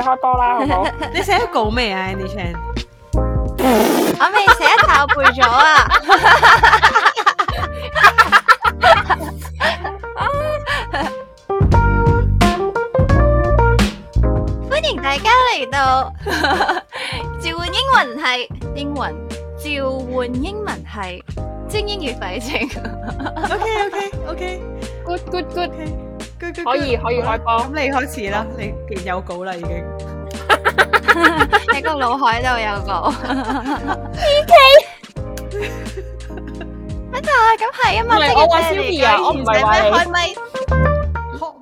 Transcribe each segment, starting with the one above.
寫多啦，好唔好？你寫咗稿未啊，Andy Chan？我未寫，抄背咗啊！歡迎大家嚟到，召喚英文係英文，召喚英文係精英與廢青。OK OK OK，good good good。可以可以開波，咁你開始啦，你見有稿啦，已經，喺個腦海度有稿。O K，得啦，咁喺啊嘛，真嘅。我話少嘢，我唔使開咪。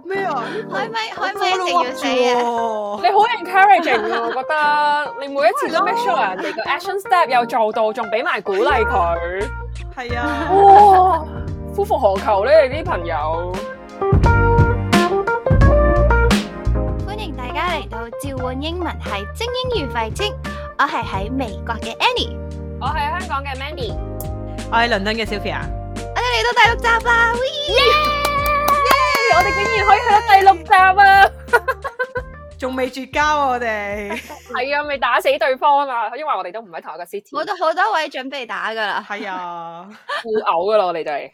咩啊？開咪，開咪一定要做。你好 encouraging 啊，我覺得你每一次都 make sure 人哋個 action step 又做到，仲俾埋鼓勵佢。係啊，哇，夫復何求咧？你啲朋友。大家嚟到召喚英文係精英與廢青，我係喺美國嘅 Annie，我係香港嘅 Mandy，我係倫敦嘅 Sophia。我哋嚟到第六集啦，我哋竟然可以去到第六集啊！仲未絕交我哋，係啊，未打死對方啊嘛，因為我哋都唔喺同一個 city。我都好多位準備打噶啦，係啊，互毆噶啦，我哋就係。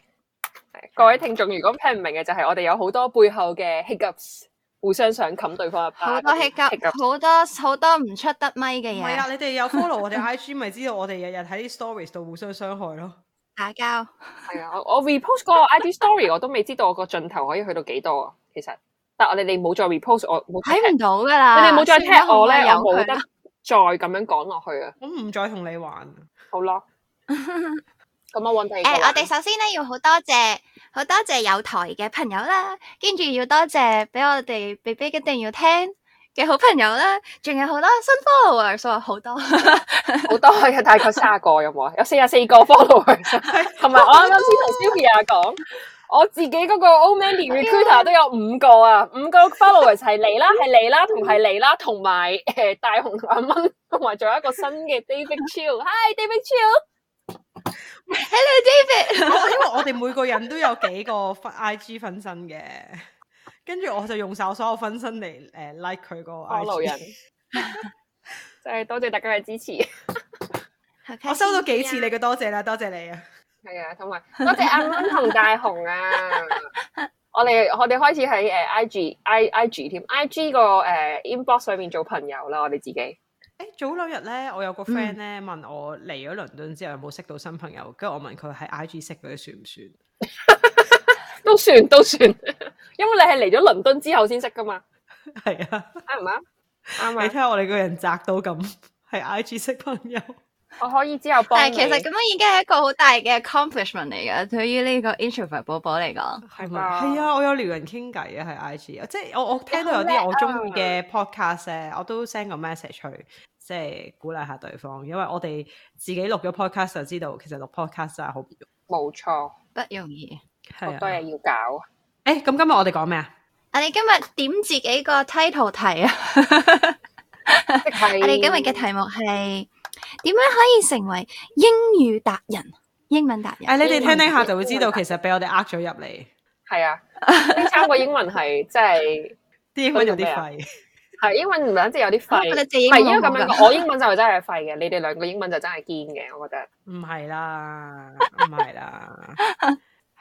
各位聽眾如果聽唔明嘅，就係我哋有好多背後嘅 hiccups。互相想冚對方一巴夾，好多吃夾，好多好多唔出得咪嘅嘢。唔 啊，你哋有 follow 我哋 IG 咪知道我哋日日喺 stories 度互相傷害咯，打交架。係啊， 我我 repost 個 IG story 我都未知道我個盡頭可以去到幾多啊，其實。但係我哋冇再 repost 我，我踢唔到㗎啦。你哋冇再踢我咧，冇得再咁樣講落去啊！我唔再同你玩。好啦咯。 咁啊，誒，uh, 我哋首先咧要好多謝，好多謝有台嘅朋友啦，跟住要多謝俾我哋 BB 一定要聽嘅好朋友啦，仲有好多新 follower，所以好多好 多嘅，大概卅個有冇啊？有四十四個 follower，同埋 我啱啱先同 Sylvia 講，我自己嗰個 Old Mandy Recruiter 都有五個啊，五個 follower 係你啦，係 你啦，同係你啦，同埋誒大雄同阿蚊，同埋仲有一個新嘅 David Chill。Hi David Chill。Hello，David。因為 Hello 我哋每個人都有幾個 I G 分身嘅，跟住我就用晒我所有分身嚟誒 like 佢個。我路人。就係多謝大家嘅支持。我收到幾次你嘅多謝啦， 多謝你啊。 係啊，同埋多謝阿蚊同大雄啊。 我哋我哋開始喺誒 I G I I G 添 I G 個誒、uh, inbox 上面做朋友啦，我哋自己。 誒、欸，早兩日咧，我有個 friend 咧問我嚟咗倫敦之後有冇識到新朋友，跟住、嗯、我問佢喺 IG 識嗰啲算唔算？ 都算都算，因為你係嚟咗倫敦之後先識噶嘛。係啊，啱唔啱？啱啊！你睇下我哋個人宅到咁，係 IG 識朋友。 我可以之後幫你，但係其實咁樣已經係一個好大嘅 accomplishment 嚟㗎，對於呢個 introvert 寶寶嚟講，係嘛嗎？係啊，我有撩人傾偈啊，係 I G，啊。即係我我聽到有啲我中意嘅 podcast 咧，我都 send 個 message 去，即係鼓勵下對方，因為我哋自己錄咗 podcast 就知道，其實錄 podcast 真係好唔易，冇錯，不容易，好 多嘢要搞。誒， 咁今日我哋講咩啊？我哋今日點自己個 title 題啊？即係我哋今日嘅題目係。點樣可以成為英語達人、英文達人？哎，你哋聽聽下就會知道，其實俾我哋呃咗入嚟。係啊，呢三個英文系真係啲英文有啲廢。係英文唔係真係有啲廢。唔係因為咁樣，我英文就真係廢嘅。你哋兩個英文就真係堅嘅，我覺得。唔係啦，唔係啦，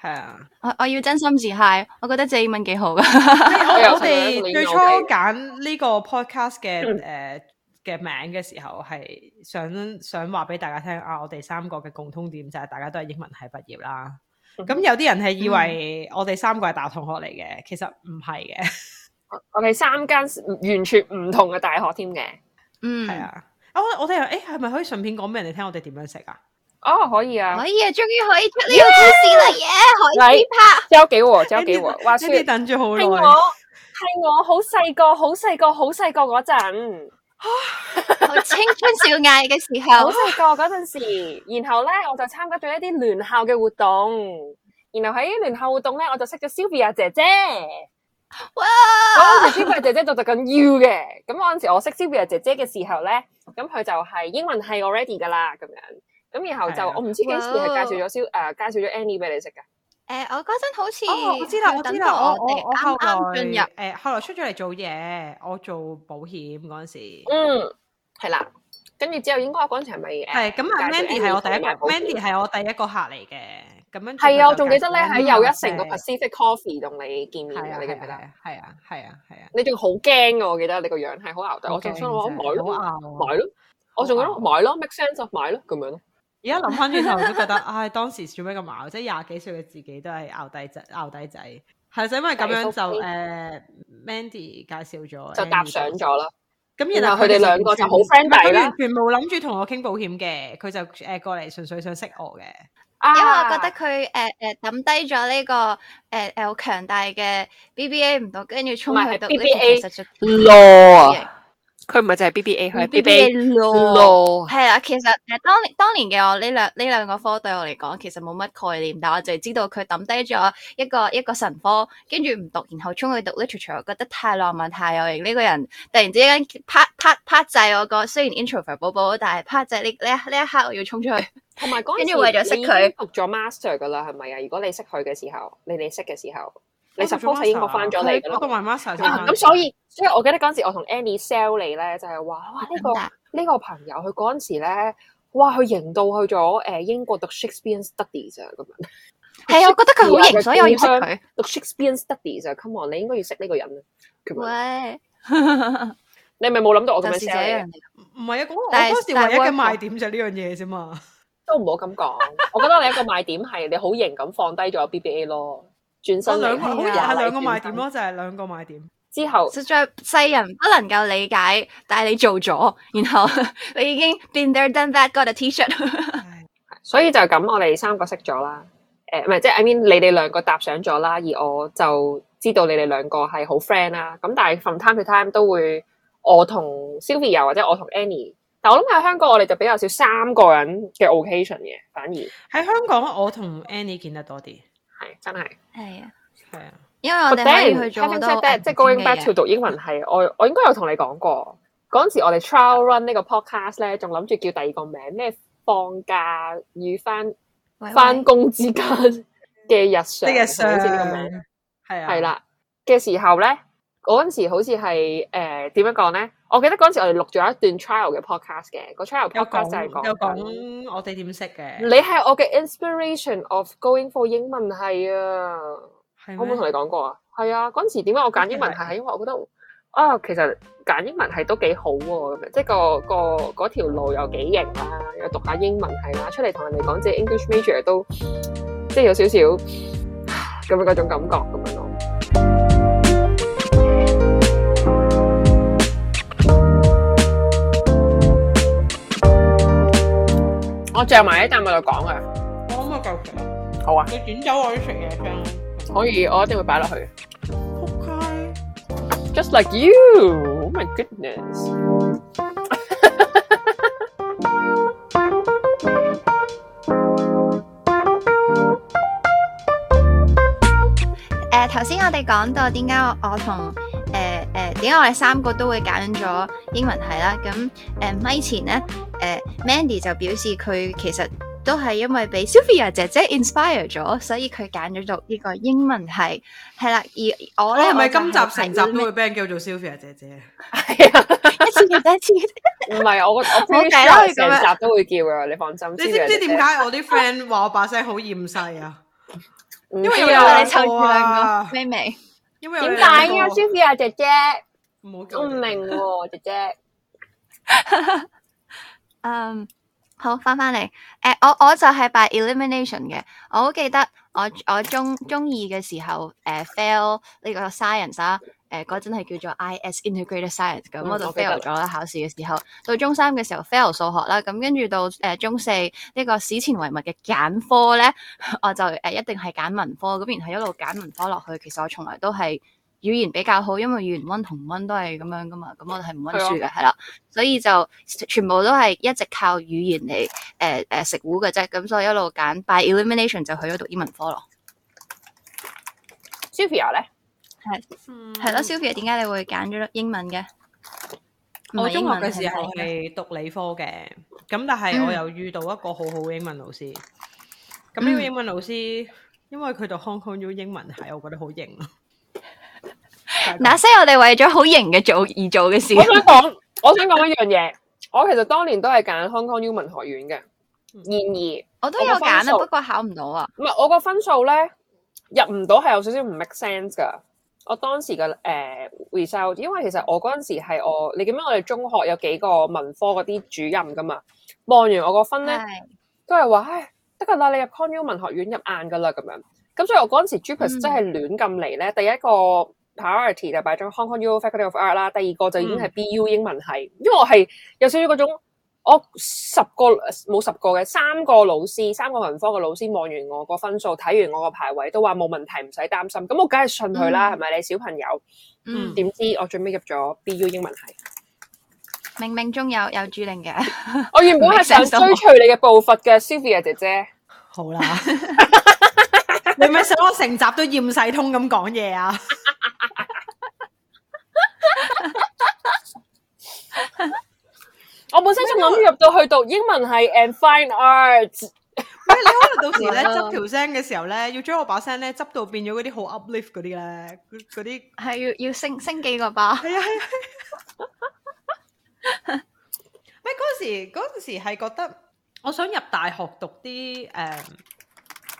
係啊。我我要真心自嗨，我覺得自己英文幾好噶。我我哋最初揀呢個 podcast 嘅誒。嘅名嘅時候係想想話俾大家聽啊，我哋三個嘅共通點就係大家都係英文系畢業啦。咁、嗯、有啲人係以為我哋三個係大學同學嚟嘅，其實唔係嘅。我哋三間完全唔同嘅大學添嘅。嗯，係啊。我我哋誒係咪可以順便講俾人哋聽我哋點樣食啊？哦，可以啊。可以啊，終於可以出呢個故事啦！耶，可以拍。交幾鑊？交幾鑊？話說你等住好耐。我係我好細個，好細個，好細個嗰陣。我青春少艾嘅時候，好細個嗰陣時，然後咧我就參加咗一啲聯校嘅活動，然後喺聯校活動咧我就識咗 Sylvia 姐姐。哇！我嗰陣時 Sylvia 姐姐就讀緊 U 嘅，咁嗰陣時我識 Sylvia 姐姐嘅時候咧，咁佢就係英文系我 ready 噶啦，咁樣，咁然後就 我唔知幾時係介紹咗 Syl 誒介紹咗 Annie 俾你識噶。誒，我嗰陣好似，我知啦，我知啦，我我我後來，誒，後來出咗嚟做嘢，我做保險嗰陣時，嗯，係啦，跟住之後，應該我嗰陣時係咪？係，咁阿 Mandy 係我第一個，Mandy 係我第一個客嚟嘅，咁樣係啊，我仲記得咧喺又一城個 Pacific Coffee 同你見面，你記唔記得？係啊，係啊，係啊，你仲好驚噶，我記得你個樣係好牛仔，我仲想話買咯，買咯，我仲覺得買咯，make sense，買咯，咁樣咯。而家諗翻轉頭都覺得，唉、哎，當時做咩咁淆？即係廿幾歲嘅自己都係牛弟仔，牛弟仔，係咪先？因為咁樣就誒、嗯呃、，Mandy 介紹咗，就搭上咗咯。咁樣然後佢哋兩個就好 friend 仔完全冇諗住同我傾保險嘅，佢就誒過嚟純粹想識我嘅。啊、因為我覺得佢誒誒抌低咗呢、這個誒誒好強大嘅 BBA 唔到，跟住衝去讀 BBA 就弱。佢唔係淨係 BBA，佢係 BBL。係啊 BA ,、no.，其實誒當當年嘅我呢兩呢兩個科對我嚟講，其實冇乜概念，但係我就係知道佢抌低咗一個一個神科，跟住唔讀，然後衝去讀 literature，覺得太浪漫，太有型。呢、呢個人突然之間 part p 制我，我個雖然 introvert 寶寶，但係啪制呢呢呢一刻我要衝出去。同埋嗰陣時為咗識佢已經讀咗 master 噶啦，係咪啊？如果你識佢嘅時候，你哋識嘅時候。你實喺英國翻咗嚟噶咯，咁所以，所以我記得嗰陣時我同 Annie sell 你咧，就係話哇呢個呢個朋友，佢嗰陣時咧，哇佢型到去咗誒英國讀 Shakespeare Studies 啊，咁樣，係啊，我覺得佢好型，所以我要識佢讀 Shakespeare Studies。Come on，你應該要識呢個人啊！喂，你係咪冇諗到我咁樣 sell？唔係啊，我我當時唯一嘅賣點就係呢樣嘢啫嘛。都唔好咁講，我覺得你一個賣點係你好型咁放低咗 BBA 咯。我兩好呀，兩個賣點咯，就係兩個賣點。之後實在世人不能夠理解，但係你做咗，然後你已經 been there done that got a t-shirt。係，所以就咁，我哋三個識咗啦。誒，唔係，即係 I mean，你哋兩個搭上咗啦，而我就知道你哋兩個係好 friend 啦。咁但係 from time to time 都會，我同 Sylvia 或者我同 Annie，但係我諗喺香港我哋就比較少三個人嘅 occasion 嘅，反而喺香港我同 Annie 見得多啲。真係，係啊的，係啊，因為我哋可去但聽聽即係是 going back to 讀英文系，我我應該有同你講過，嗰陣時我哋 trial run 個呢個 podcast 咧，仲諗住叫第二個名，咩放假與翻翻工之間嘅日常，啲喂日常呢個名，係啊的，係啦嘅時候咧。嗰陣時好似係誒點樣講咧？我記得嗰陣時我哋錄咗一段 trial 嘅 podcast 嘅，個 trial podcast 就係講我哋點識嘅。你係我嘅 inspiration of going for 英文系啊！可唔可以同你講過啊？係啊，嗰陣時點解我揀英文系？係因為我覺得啊，其實揀英文系都幾好喎，啊，咁樣即係個個嗰條路又幾型啊，又讀下英文系啦，啊，出嚟同人哋講即係 English major 都即係有少少咁樣嗰種感覺咁樣咯。我嚼埋一啖咪就講啊，我可唔可以救佢啊？好啊。你剪走我啲食嘢先。可以，我一定會擺落去。Okay. Just like you. Oh my goodness. 哈哈，誒，頭先我哋講到點解我同。我我哋三個都會揀咗英文系啦，咁誒，咪前咧誒，Mandy 就表示佢其實都係因為俾 Sophia 姐姐 inspire 咗，所以佢揀咗讀呢個英文系，係啦。而我咧，係咪今集成集都會俾人叫做 Sophia 姐姐，啊，一次唔得一次。唔係我我成集都會叫嘅，你放心。你知唔知點解我啲 friend 話我把聲好厭世啊？因為我哋湊兩個妹妹，因為點解啊？Sophia 姐姐。我唔明喎，姐姐。嗯、 um,，好翻翻嚟。誒、uh,，我我就係 by elimination 嘅。我好記得我我中中二嘅時候，誒、uh, fail 呢個 science 啦、uh,。誒嗰陣係叫做 I S Integrated Science 咁、嗯，我就 fail 咗啦。考試嘅時候，到中三嘅時候 fail 數學啦。咁跟住到誒、uh, 中四呢、這個史前遺物嘅揀科咧， 我就誒、uh, 一定係揀文科。咁然後一路揀文科落去，其實我從來都係，語言比較好，因為語言溫同溫都係咁樣噶嘛，咁我係唔温書嘅，係啦，所以就全部都係一直靠語言嚟誒誒食糊嘅啫，咁所以我一路揀 by elimination 就去咗讀英文科咯。Sophia 咧，係，係咯，Sophia 點解你會揀咗英文嘅？我中學嘅時候係讀理科嘅，咁但係我又遇到一個好好嘅英文老師，咁呢個英文老師因為佢讀 Hong Kong U 英文係，我覺得好型那些我哋為咗好型嘅做而做嘅事，我想講，我想講一樣嘢。我其實當年都係揀 Hong Kong U 文學院嘅，然而我都有揀啊，不過考唔到啊。唔係我個分數咧，入唔到係有少少唔 make sense 噶。我當時嘅呃 result，因為其實我嗰陣時係我，你記唔記得我哋中學有幾個文科嗰啲主任噶嘛？望完我個分咧，都係話唉，得噶啦，你入 Hong Kong U 文學院入硬噶啦咁樣。咁所以我嗰陣時 JUPAS 真係亂咁嚟，咧，第一個。priority 就擺咗 Hong Kong University Faculty of Art 啦，第二個就已經係 B U 英文系，因為我係有少少嗰種，我十個冇十個嘅三個老師，三個文科嘅老師望完我個分數，睇完我個排位，都話冇問題，唔使擔心，咁我梗係信佢啦，係咪？你小朋友，嗯，點知我最尾入咗 B U 英文系，冥冥中有有注定嘅。我原本係想追隨你嘅步伐嘅，Sylvia 姐姐。好啦，你咪想我成集都厭世通咁講嘢啊？諗入到去讀英文系 and fine arts，喂，你可能到時咧執條聲嘅時候咧，要將我把聲咧執到變咗嗰啲好 uplift 嗰啲咧，嗰嗰啲係要要升升幾個巴。係啊，係啊，喂，嗰陣時嗰陣時係覺得我想入大學讀啲誒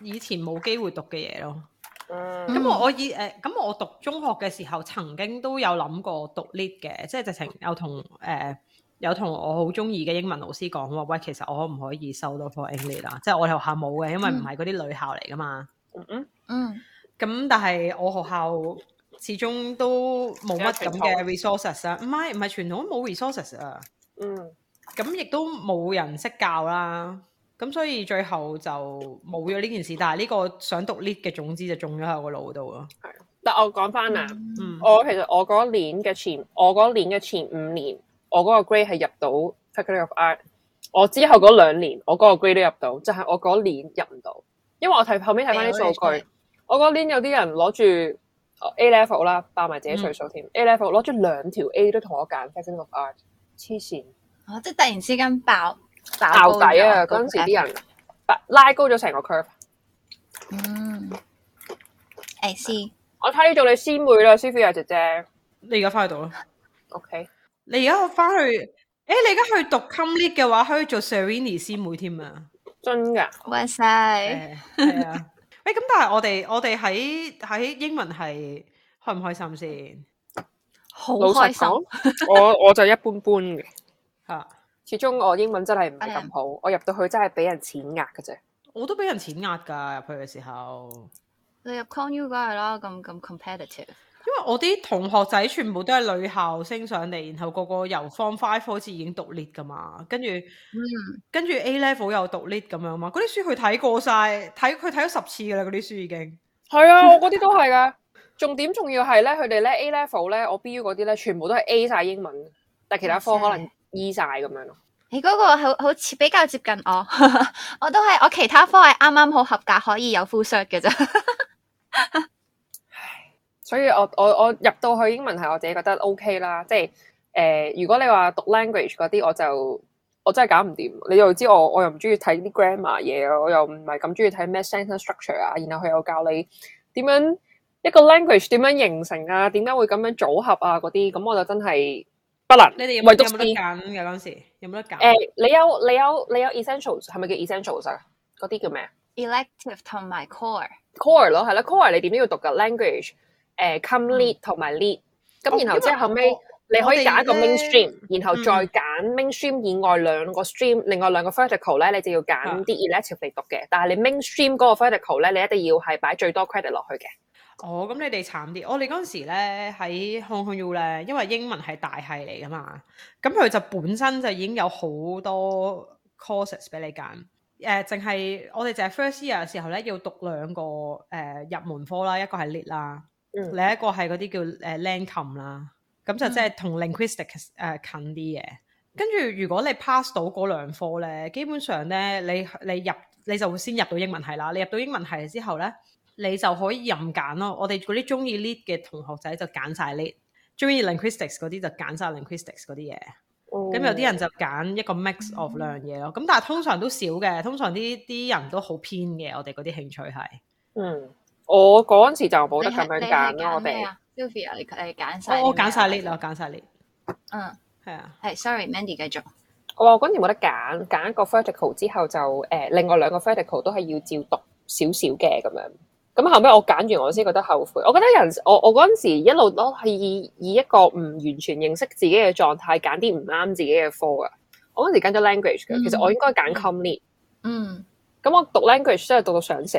以前冇機會讀嘅嘢咯。咁我我以誒咁我讀中學嘅時候，曾經都有諗過讀 lift 嘅，即係直情有同誒。有同我好中意嘅英文老師講話喂，其實我可唔可以收到 for English 啊？即係我哋學校冇嘅，因為唔係嗰啲女校嚟噶嘛。嗯嗯。咁但係我學校始終都冇乜咁嘅 resources 啊，唔係唔係討傳統冇 resources 啊。嗯。咁亦都冇人識教啦。咁所以最後就冇咗呢件事。但係呢個想讀 Lit 嘅種子就種咗喺我個腦度咯。係啊。但我講翻啊，嗯嗯我其實我嗰年嘅前，我嗰年嘅前五年。我嗰個 grade 係入到 Faculty of Art，我之後嗰兩年我嗰個 grade 都入到，就係、是、我嗰年入唔到，因為我睇後面睇翻啲數據，我嗰年有啲人攞住 A level 啦，爆埋自己歲數添、嗯、，A level 攞住兩條 A 都同我揀 Faculty of Art，黐線，哦，即係突然之間爆爆，爆底啊！嗰陣、啊、時啲人拉高咗成個 curve，嗯，I see 我睇你做你師妹啦，Sophia、啊、姐姐，你而家翻去度啦，OK。你而家翻去，誒、欸，你而家去讀 complete 嘅話，可以做 Serenity 師妹添、 欸、啊！真噶、 欸，哇塞！係啊，誒，咁但係我哋我哋喺喺英文系開唔開心先？好開心，我我就一般般嘅吓， 始終我英文真係唔係咁好，哎、呀我入到去真係俾人碾壓嘅啫。我都俾人碾壓噶入去嘅時候。你入 college 梗係咯咁咁 competitive。因為我啲同學仔全部都係女校升上嚟，然後個個由 form five 開始已經獨立噶嘛，跟住，嗯、跟住 A level 又獨立咁樣嘛，嗰啲書佢睇過晒，睇佢睇咗十次噶啦，嗰啲書已經係啊，我嗰啲都係嘅。 重點重要係咧，佢哋咧 A level 咧，我 B 嗰啲咧，全部都係 A 晒英文，但其他科可能 E 晒咁樣咯。是 你嗰個好好似比較接近我， 我都係，我其他科係啱啱好合格可以有 full shirt 嘅啫。 所以我我我入到去英文系我自己覺得 OK 啦，即係誒、呃。如果你話讀 language 嗰啲，我就我真係搞唔掂。你又知我我又唔中意睇啲 grammar 嘢，我又唔係咁中意睇咩 sentence structure 啊。然後佢又教你點樣一個 language 點樣形成啊，點解會咁樣組合啊嗰啲，咁我就真係不能。你哋有冇得揀嘅當時？有冇得揀？誒、呃，你有你有你有 essentials 係咪叫 essentials 啊？嗰啲叫咩啊？elective 同埋 core core 咯，係啦，core 你點都要讀噶 language。誒、uh, come lit 同埋 lit 咁然後即係後尾你可以揀一個 mainstream，然後再揀 mainstream 以外兩個 stream，嗯、另外兩個 vertical 咧，你就要揀啲 elective 嚟讀嘅。嗯、但係你 mainstream 嗰個 vertical 咧，你一定要係擺最多 credit 落去嘅。哦，咁你哋慘啲，我哋嗰陣時咧喺 Hong Kong U 咧，因為英文係大系嚟㗎嘛，咁佢就本身就已經有好多 courses 俾你揀。誒、呃，淨係我哋就係 first year 嘅時候咧，要讀兩個誒、呃、入門科啦，一個係 lit 啦。另一個係嗰啲叫誒 language 啦，咁就即係同 linguistics 誒、呃、近啲嘅。跟住如果你 pass 到嗰兩科咧，基本上咧你你入你就會先入到英文系啦。你入到英文系之後咧，你就可以任揀咯。我哋嗰啲中意 lit 嘅同學仔就揀晒 lit，中意 linguistics 嗰啲就揀晒 linguistics 嗰啲嘢。哦，咁有啲人就揀一個 mix of、嗯、兩樣嘢咯。咁但係通常都少嘅，通常啲啲人都好偏嘅。我哋嗰啲興趣係，嗯。我嗰陣時就冇得咁樣揀啦，我哋們 Sylvia，你揀晒，我我揀晒呢啦，揀晒呢，嗯，係、uh，啊 Yeah.，係，Sorry，Mandy 繼續。我話我嗰陣時冇得揀，揀一個 vertical 之後就誒、呃，另外兩個 vertical 都係要照讀少少嘅咁樣。咁後尾我揀完我先覺得後悔。我覺得人我我嗰陣時一路都係以以一個唔完全認識自己嘅狀態揀啲唔啱自己嘅科噶。我嗰時揀咗 language 噶，mm hmm。其實我應該揀 comedy。嗯、mm，咁、hmm。我讀 language 真係讀到想死。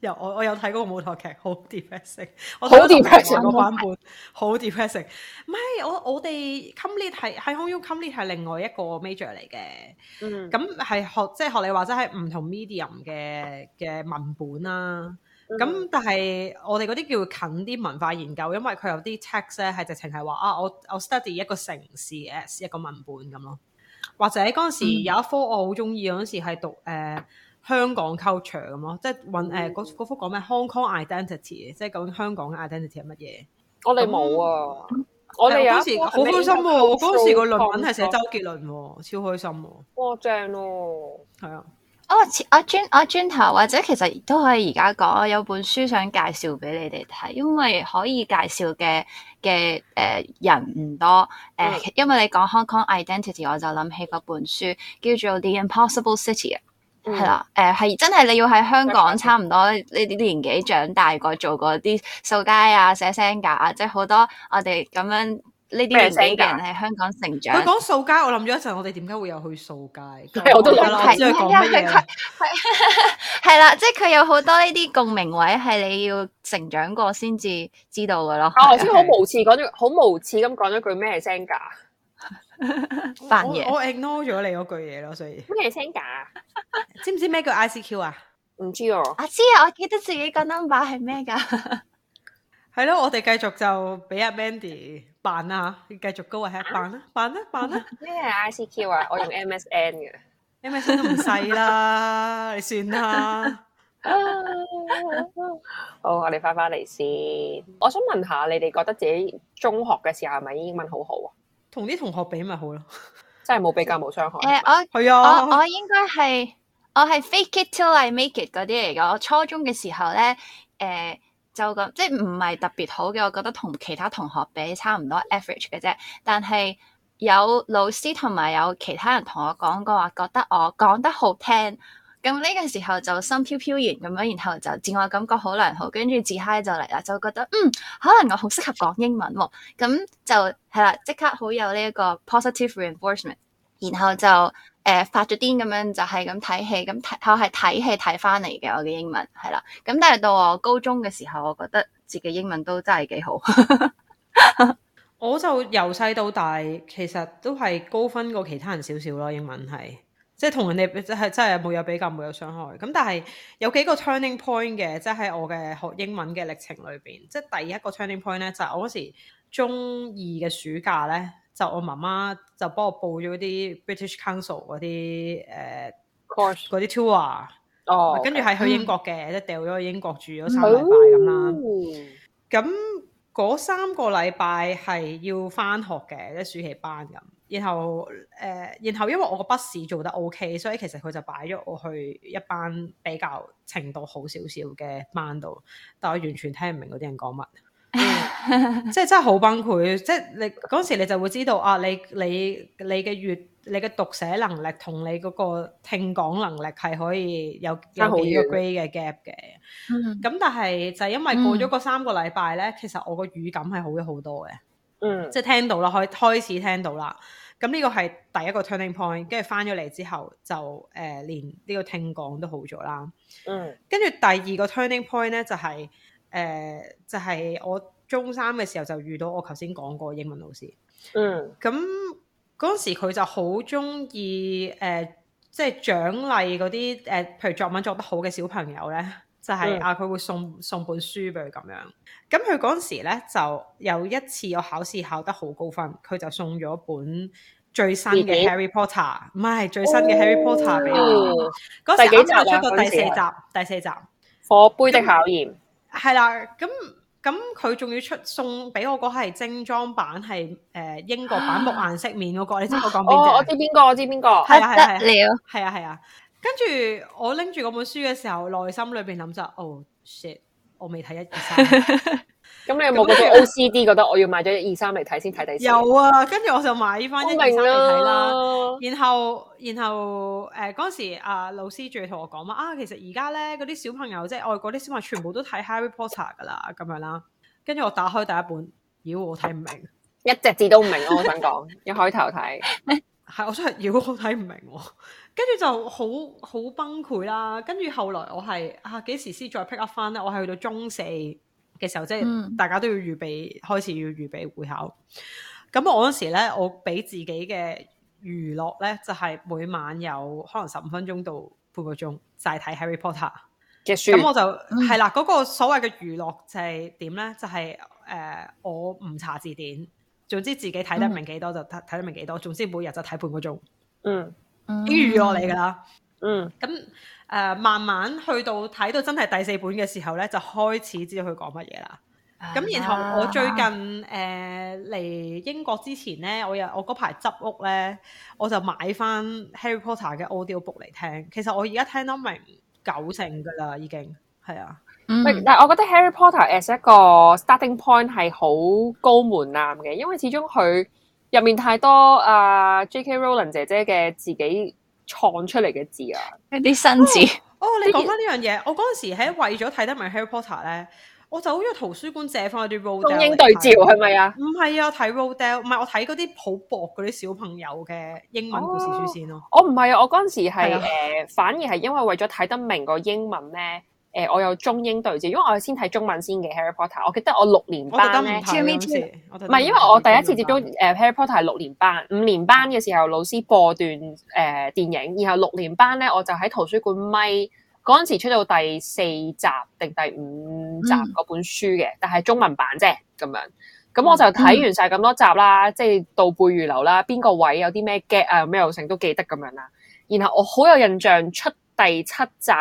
又我我有睇嗰個舞台劇，好 depressing。好 depressing 個版本，好 depressing。唔係 我我哋 comp lit 係係 Hong Kong comp lit 係另外一個 major 嚟嘅。嗯，咁係學即係、就是學，就是、學你話齋係唔同 medium 嘅嘅文本啦、啊。咁、嗯、但係我哋嗰啲叫近啲文化研究，因為佢有啲 text 咧係直情係話啊，我我 study 一個城市 as 一個文本咁咯。或者嗰陣時有一科我好鍾意嗰陣時係讀、嗯嗯香港 culture 咁咯，即係揾誒嗰幅講咩 Hong Kong identity 即係講香港嘅 identity 係乜嘢？我哋冇啊，我哋嗰時好開心喎。嗰時個論文係寫周杰倫喎，超開心喎。哇，正喎，係啊。啊哦，我轉，我轉頭或者其實都可以而家講，有本書想介紹俾你哋睇，因為可以介紹嘅嘅誒人唔多誒、呃，因為你講 Hong Kong identity，我就諗起嗰本書叫做《The Impossible City》係啦，誒係、 呃、真係你要喺香港差唔多呢啲年紀長大過，做過啲掃街啊、寫聲價啊，即係好多我哋咁樣呢啲年紀嘅人喺香港成長。佢講掃街，我諗咗一陣，我哋點解會有去掃街？我都唔知佢講乜嘢。係啦，即係佢有好多呢啲共鳴位，係你要成長過先至知道㗎囉。啊， 即係好無恥講咗，好無恥咁講咗句咩係聲價？扮嘢，我 ignore 咗你嗰句嘢咯，所以。咩嚟先？假知唔知咩叫 ICQ 啊？唔知哦、啊。我、啊、知啊，我記得自己個 number 係咩噶。係咯， 我哋繼續就俾阿 Mandy 扮啦、啊、吓，繼續 go ahead 啦，扮啦、啊，扮啦、啊。咩係 ICQ 啊？我用 MSN 嘅，MSN 都唔細啦，你算啦。 好，我哋翻翻嚟先。 我想問下，你哋覺得自己中學嘅時候係咪英文好好啊？同啲同學比咪好咯， 真係冇比較冇傷害。誒、呃，我係啊，吧我我應該係我係 fake it till I make it 嗰啲嚟㗎。我初中嘅時候咧，誒、呃、就咁，即係唔係特別好嘅。我覺得同其他同學比差唔多 average 嘅啫。但係有老師同埋有其他人同我講過話，覺得我講得好聽。咁呢個時候就心飄飄然咁樣，然後就自我感覺好良好，跟住自嗨就嚟啦，就覺得嗯，可能我好適合講英文，哦，咁就係啦，即刻好有呢一個 positive reinforcement，然後就誒、呃、發咗癲咁樣，就係咁睇戲，咁我係睇戲睇翻嚟嘅，我嘅英文係啦，咁但係到我高中嘅時候，我覺得自己英文都真係幾好， 我就由細到大其實都係高分過其他人少少咯，英文係即係同人哋即係真係冇有比較，冇有傷害。咁但係有幾個 turning point 嘅，即係我嘅學英文嘅歷程裏邊，即係第一個 turning point 咧，就係、是、我嗰時中二嘅暑假咧，就我媽媽就幫我報咗啲 British Council 啲、呃、course 啲 tour。哦，跟住係去英國嘅，即係掉咗去英國住咗三禮拜咁啦。咁 No. 嗰三個禮拜係要返學嘅，即、就是、暑期班咁。然後誒、呃，然後因為我個筆試做得 OK，所以其實佢就擺咗我去一班比較程度好少少嘅班度。但我完全聽唔明嗰啲人講乜、 嗯，即係真係好崩潰。即係你嗰時你就會知道啊，你你你嘅月。你嘅讀寫能力同你嗰個聽講能力係可以有有幾個 grade 嘅 gap 嘅，咁、嗯、但係就係因為過咗嗰三個禮拜咧，嗯、其實我個語感係好咗好多嘅，嗯、即係聽到啦，可以開始聽到啦。咁呢個係第一個 turning point，跟住返咗嚟之後就誒、呃、連呢個聽講都好咗啦。跟住、嗯、第二個 turning point 咧就係、是、誒、呃、就係、是、我中三嘅時候就遇到我頭先講過英文老師，咁、嗯。嗯嗰時佢就好中意誒，即係獎勵嗰啲誒，譬如作文作得好嘅小朋友咧，就係、是、啊佢會送送本書俾佢咁樣。咁佢嗰時咧就有一次我考試考得好高分，佢就送咗本最新嘅 Harry、嗯、Harry Potter，唔係最新嘅 Harry、哦、Harry Potter 俾、嗯、我。嗰時佢出到第四集，第四集《火杯的考驗》係啦，咁。嗯咁佢仲要出送俾我嗰係精裝版，係誒、呃、英國版木顏色面嗰、嗰個，啊、你知我講邊個？我知邊個，我知邊個，不得了，係啊係啊,啊,啊。跟住我拎住嗰本書嘅時候，內心裏邊諗就，哦、oh, shit，我未睇一二三。 咁你 that 's 有冇嗰啲 OCD 覺得我要買咗一、二、三嚟睇先睇睇先？有啊，跟住我就買翻一、二、三嚟睇啦。然後，然後，誒、呃、嗰時啊老師仲要同我講嘛啊，其實而家咧嗰啲小朋友即係外國啲小朋友全部都睇 Harry Potter 噶啦咁樣啦。跟住我打開第一本，妖、porn. 我睇唔明，一隻字都唔明咯。我想講 一開頭睇，係、 嗯、我真係妖我睇唔明，跟住就好好崩潰啦。跟住後來我係啊幾時先再 pick up 翻咧？我係去到中四嘅時候，即係大家都要預備，嗯、開始要預備會考。咁我嗰時咧，我俾自己嘅娛樂咧，就係、是、每晚有可能十五分鐘到半個鐘，就係睇 Harry Potter 嘅書。咁束我就係、嗯、啦，嗰、那個所謂嘅娛樂就係點咧？就係、是、誒、呃，我唔查字典，總之自己睇得明幾多就睇睇得明幾多。嗯、總之每日就睇半個鐘、嗯，嗯，啲娛樂嚟噶啦。嗯，咁誒、呃，慢慢去到睇到真係第四本嘅時候咧，就開始知道佢講乜嘢啦。咁、嗯啊、然後我最近誒嚟、呃、英國之前咧，我又我嗰排執屋咧，我就買翻 Harry Potter 嘅 audio book 嚟聽。其實我而家聽到明九成噶啦，已經係啊。嗯、但係我覺得 Harry Potter as 一個 starting point 係好高門檻嘅，因為始終佢入面太多阿、uh, JK Rowling 姐姐嘅自己。創出嚟嘅字啊，一啲新字哦。 哦，你講翻呢樣嘢，我嗰陣時喺為咗睇得明 Harry Potter 咧，我就好似圖書館借翻嗰啲。Roald，中英對照係咪啊？唔係啊，睇 Roald 唔係我睇嗰啲好薄嗰啲小朋友嘅英文故事書先咯。我唔係啊，我嗰陣時係、啊、反而係因為為咗睇得明個英文咧。誒，我有中英對照，因為我係先睇中文先嘅《Harry Potter》。我記得我六年班咧，唔係因為我第一次接觸誒《Harry Potter》係六年班，五年班嘅時候老師播段誒、呃、電影，然後六年班咧我就喺圖書館咪嗰陣時出到第四集定第五集嗰本書嘅，嗯、但係中文版啫咁樣。咁我就睇完晒咁多集啦，即係倒背如流啦，邊個位有啲咩 get 啊咩，又成日都記得咁樣啦。然後我好、嗯、有，有，有印象出第七集。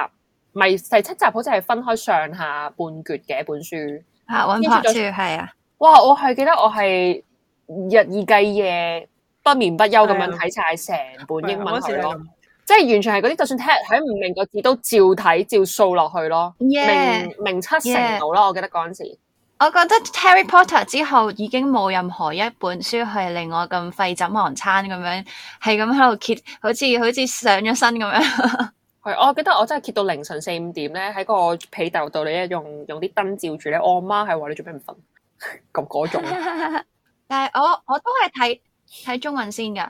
咪第七集好似係分開上下半決嘅一本書啊，諗住係啊！哇！我係記得我係日以繼夜、不眠不休咁樣睇曬成本英文咯，啊啊、即係完全係嗰啲就算聽日唔明個字都照睇照，照掃落去咯。Yeah, 明明七成度咯，我記得嗰陣時。我覺得《Harry Potter》之後已經冇任何一本書係令我咁廢寢忘餐咁樣，係咁喺度揭，好似好似上咗身咁樣。 我記得我真係揭到凌晨四五點咧，喺個被竇度咧用用啲燈照住咧。我阿媽係話你做咩唔瞓咁嗰種。 但係我我都係睇睇中文先㗎，誒、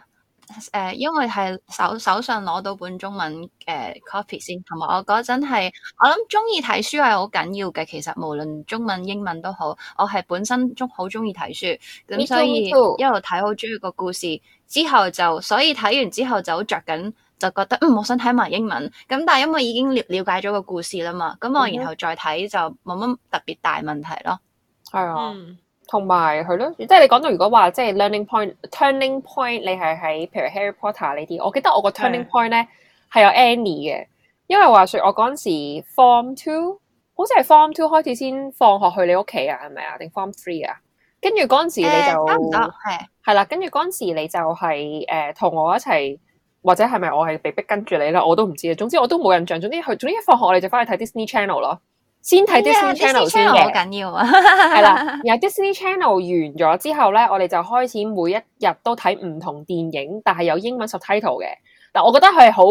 呃，因為係手手上攞到本中文嘅 copy 先，同埋我嗰陣係我諗中意睇書係好緊要嘅，其實無論中文英文都好，我係本身中好中意睇書，咁所以一路睇好中意個故事之後就，所以睇完之後就好着緊。就覺得嗯，我想睇埋英文，咁但係因為已經了解了解咗個故事啦嘛，咁我然後再睇就冇乜特別大問題咯。係啊、嗯，同埋係咯，即係你講到如果話即係 learning point、turning point，你係喺譬如 Harry Potter 呢啲，我記得我個 turning point 咧係、嗯、有 Annie 嘅，因為話說我嗰陣時 Form Two，好似係 Form Two 開始先放學去你屋企啊，係咪啊？定 Form Three 啊？跟住嗰陣時你就得唔得？係係啦，跟住嗰陣時你就係誒同我一齊。或者係咪我係被逼跟住你咧？我都唔知啊。總之我都冇印象。總之佢，總之一放學我哋就翻去睇 Disney Channel 咯。先睇 Dis Disney Channel 先嘅。好緊要啊！係啦，然後 Disney Channel 完咗之後咧，我哋就開始每一日都睇唔同電影，但係有英文 subtitle 嘅。但我覺得佢係好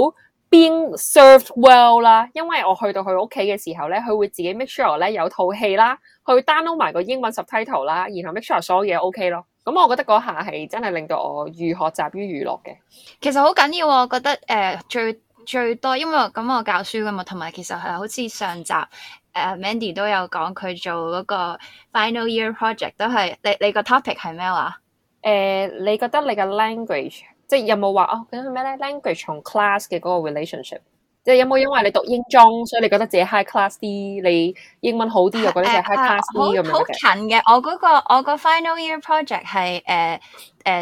being served well 啦，因為我去到佢屋企嘅時候咧，佢會自己 make sure 咧有套戲啦，佢 download 埋個英文 subtitle 啦，然後 make sure 所有嘢 OK 咯。咁、嗯、我覺得嗰下係真係令到我寓學習於娛樂嘅。其實好緊要、啊，我覺得誒、呃、最最多，因為咁我教書㗎嘛，同埋其實係好似上集誒、呃、Mandy 都有講佢做嗰個 final year project，都係你你個 topic 係咩話、啊？誒、呃，你覺得你個 language 即係有冇話哦？嗰啲咩咧？language 從 class 嘅嗰個 relationship。即係有冇因為你讀英中，所以你覺得自己 high class 啲？你英文好啲，又覺得自己 high class 啲咁樣嘅？好近嘅，我嗰個我個 final year project 係誒誒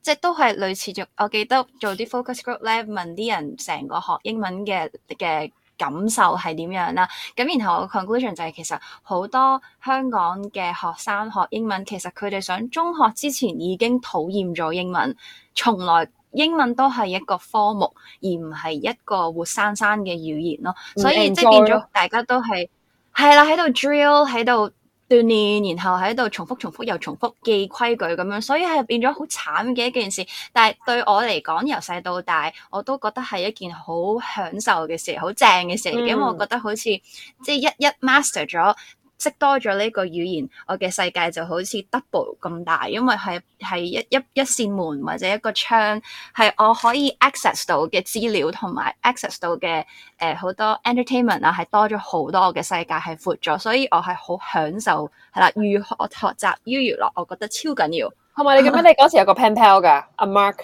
即係都係類似做。我記得做啲 focus group level 咧，問啲人成個學英文嘅嘅感受係點樣啦。咁然後我 conclusion 就係其實好多香港嘅學生學英文，其實佢哋想中學之前已經討厭咗英文，從來。英文都係一個科目，而唔係一個活生生嘅語言咯，所以即係變咗大家都係係啦，喺度 drill，喺度鍛鍊，然後喺度重複重複又重複記規矩咁樣，所以係變咗好慘嘅一件事。但係對我嚟講，由細到大我都覺得係一件好享受嘅事，好正嘅事。因為、嗯、我覺得好似即係一一 master 咗。識多咗呢個語言，我嘅世界就好似 double 咁大，因為係係一一一扇門或者一個窗，係我可以 access 到嘅資料同埋 access 到嘅誒好多 entertainment 啊，係多咗好多我嘅世界係闊咗，所以我係好享受係啦。如何學習 U 娛樂，我覺得超緊要。同埋你咁樣，你嗰時有個 pen pal 噶，阿 Mark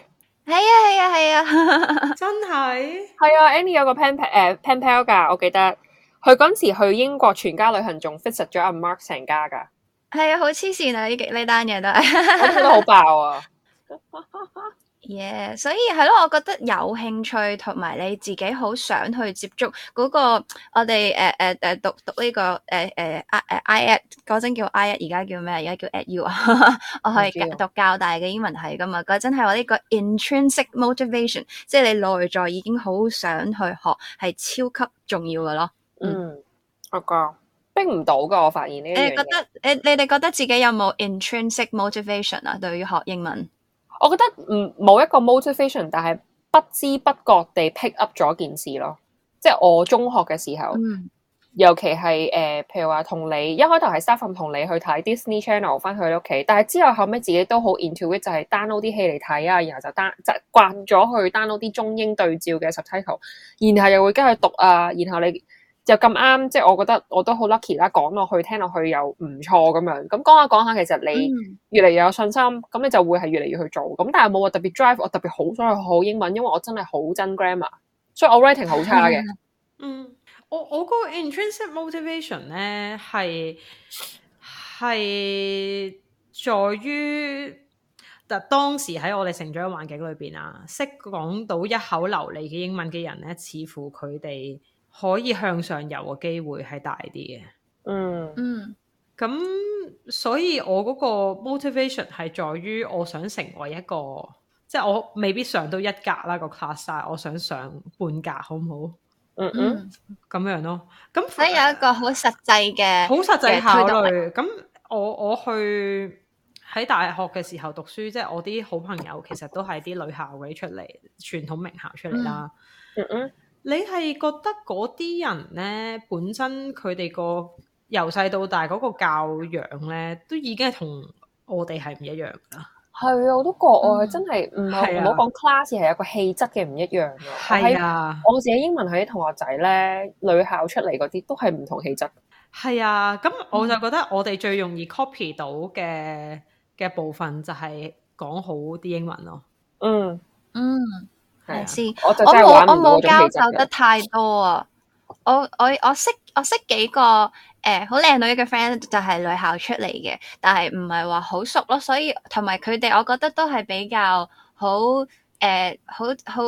係啊係啊係啊，啊啊真係係啊 Annie 有個 pen 誒 pen pal 噶，我記得。佢嗰陣時去英國全家旅行，仲 fix 實咗阿 Mark 成家㗎，係啊，好黐線啊！呢呢單嘢都，我 覺得好爆啊耶，yeah, 所以係咯，我覺得有興趣同埋你自己好想去接觸嗰、嗰個我哋誒誒誒讀讀呢、這個誒誒 I 誒 I 一嗰陣叫 I a t 而家叫咩？而家叫 At U 啊！我係讀教大嘅英文系噶嘛，嗰陣係話呢個 intrinsic motivation，即係你內在已經好想去學，係超級重要嘅咯。嗯，我噶，逼唔到噶，我發現呢樣嘢，你覺得你你哋覺得自己有冇 intrinsic motivation 啊？對於學英文，我覺得唔冇一個 motivation，但係不知不覺地 pick up 咗件事咯。即係我中學嘅時候，嗯、尤其係誒、呃，譬如話同你一開頭係 staff 同你去睇 Disney Channel 翻去你屋企，但係之後後尾自己都好 intuitive，就係 download 啲戲嚟睇啊，然後就 download 就慣咗去 download 啲中英對照嘅 subtitle，然後又會跟佢讀啊，然後你。又咁啱，即係、就是、我覺得我都好 lucky 啦。講落去聽落去又唔錯咁樣。咁講下講下，其實你越嚟越有信心，咁、嗯、你就會係越嚟越去做。咁但係冇話特別 drive，我特別好想去學英文，因為我真係好憎 grammar，所以我 writing 好差嘅、嗯。嗯，我我嗰個 intrinsic motivation 咧，係係在於嗱當時喺我哋成長環境裏邊啊，識講到一口流利嘅英文嘅人咧，似乎佢哋。可以向上游嘅機會係大啲嘅，嗯嗯，咁所以我嗰個 motivation 係在於我想成為一個，即係我未必上到一格啦個 class 啊，我想上半格好唔好？嗯嗯，咁樣咯，咁所以有一個好實際嘅好實際考慮。咁我我去喺大學嘅時候讀書，即係我啲好朋友其實都係啲女校位出嚟，傳統名校出嚟啦嗯。嗯嗯。你係覺得嗰啲人咧，本身佢哋個由細到大嗰個教養咧，都已經係同我哋係唔一樣㗎。係啊，我都覺、嗯、啊，真係唔好唔好講 class 係一個氣質嘅唔一樣㗎。係啊，我自己英文系啲同學仔咧，女校出嚟嗰啲都係唔同氣質。係啊，咁我就覺得我哋最容易 copy 到嘅嘅、嗯、部分就係講好啲英文咯、嗯。嗯嗯。睇我冇我冇交手得太多啊！我我我識我識幾個誒好靚女嘅 friend 就係、是、女校出嚟嘅，但係唔係話好熟咯，所以同埋佢哋我覺得都係比較好誒、呃、好好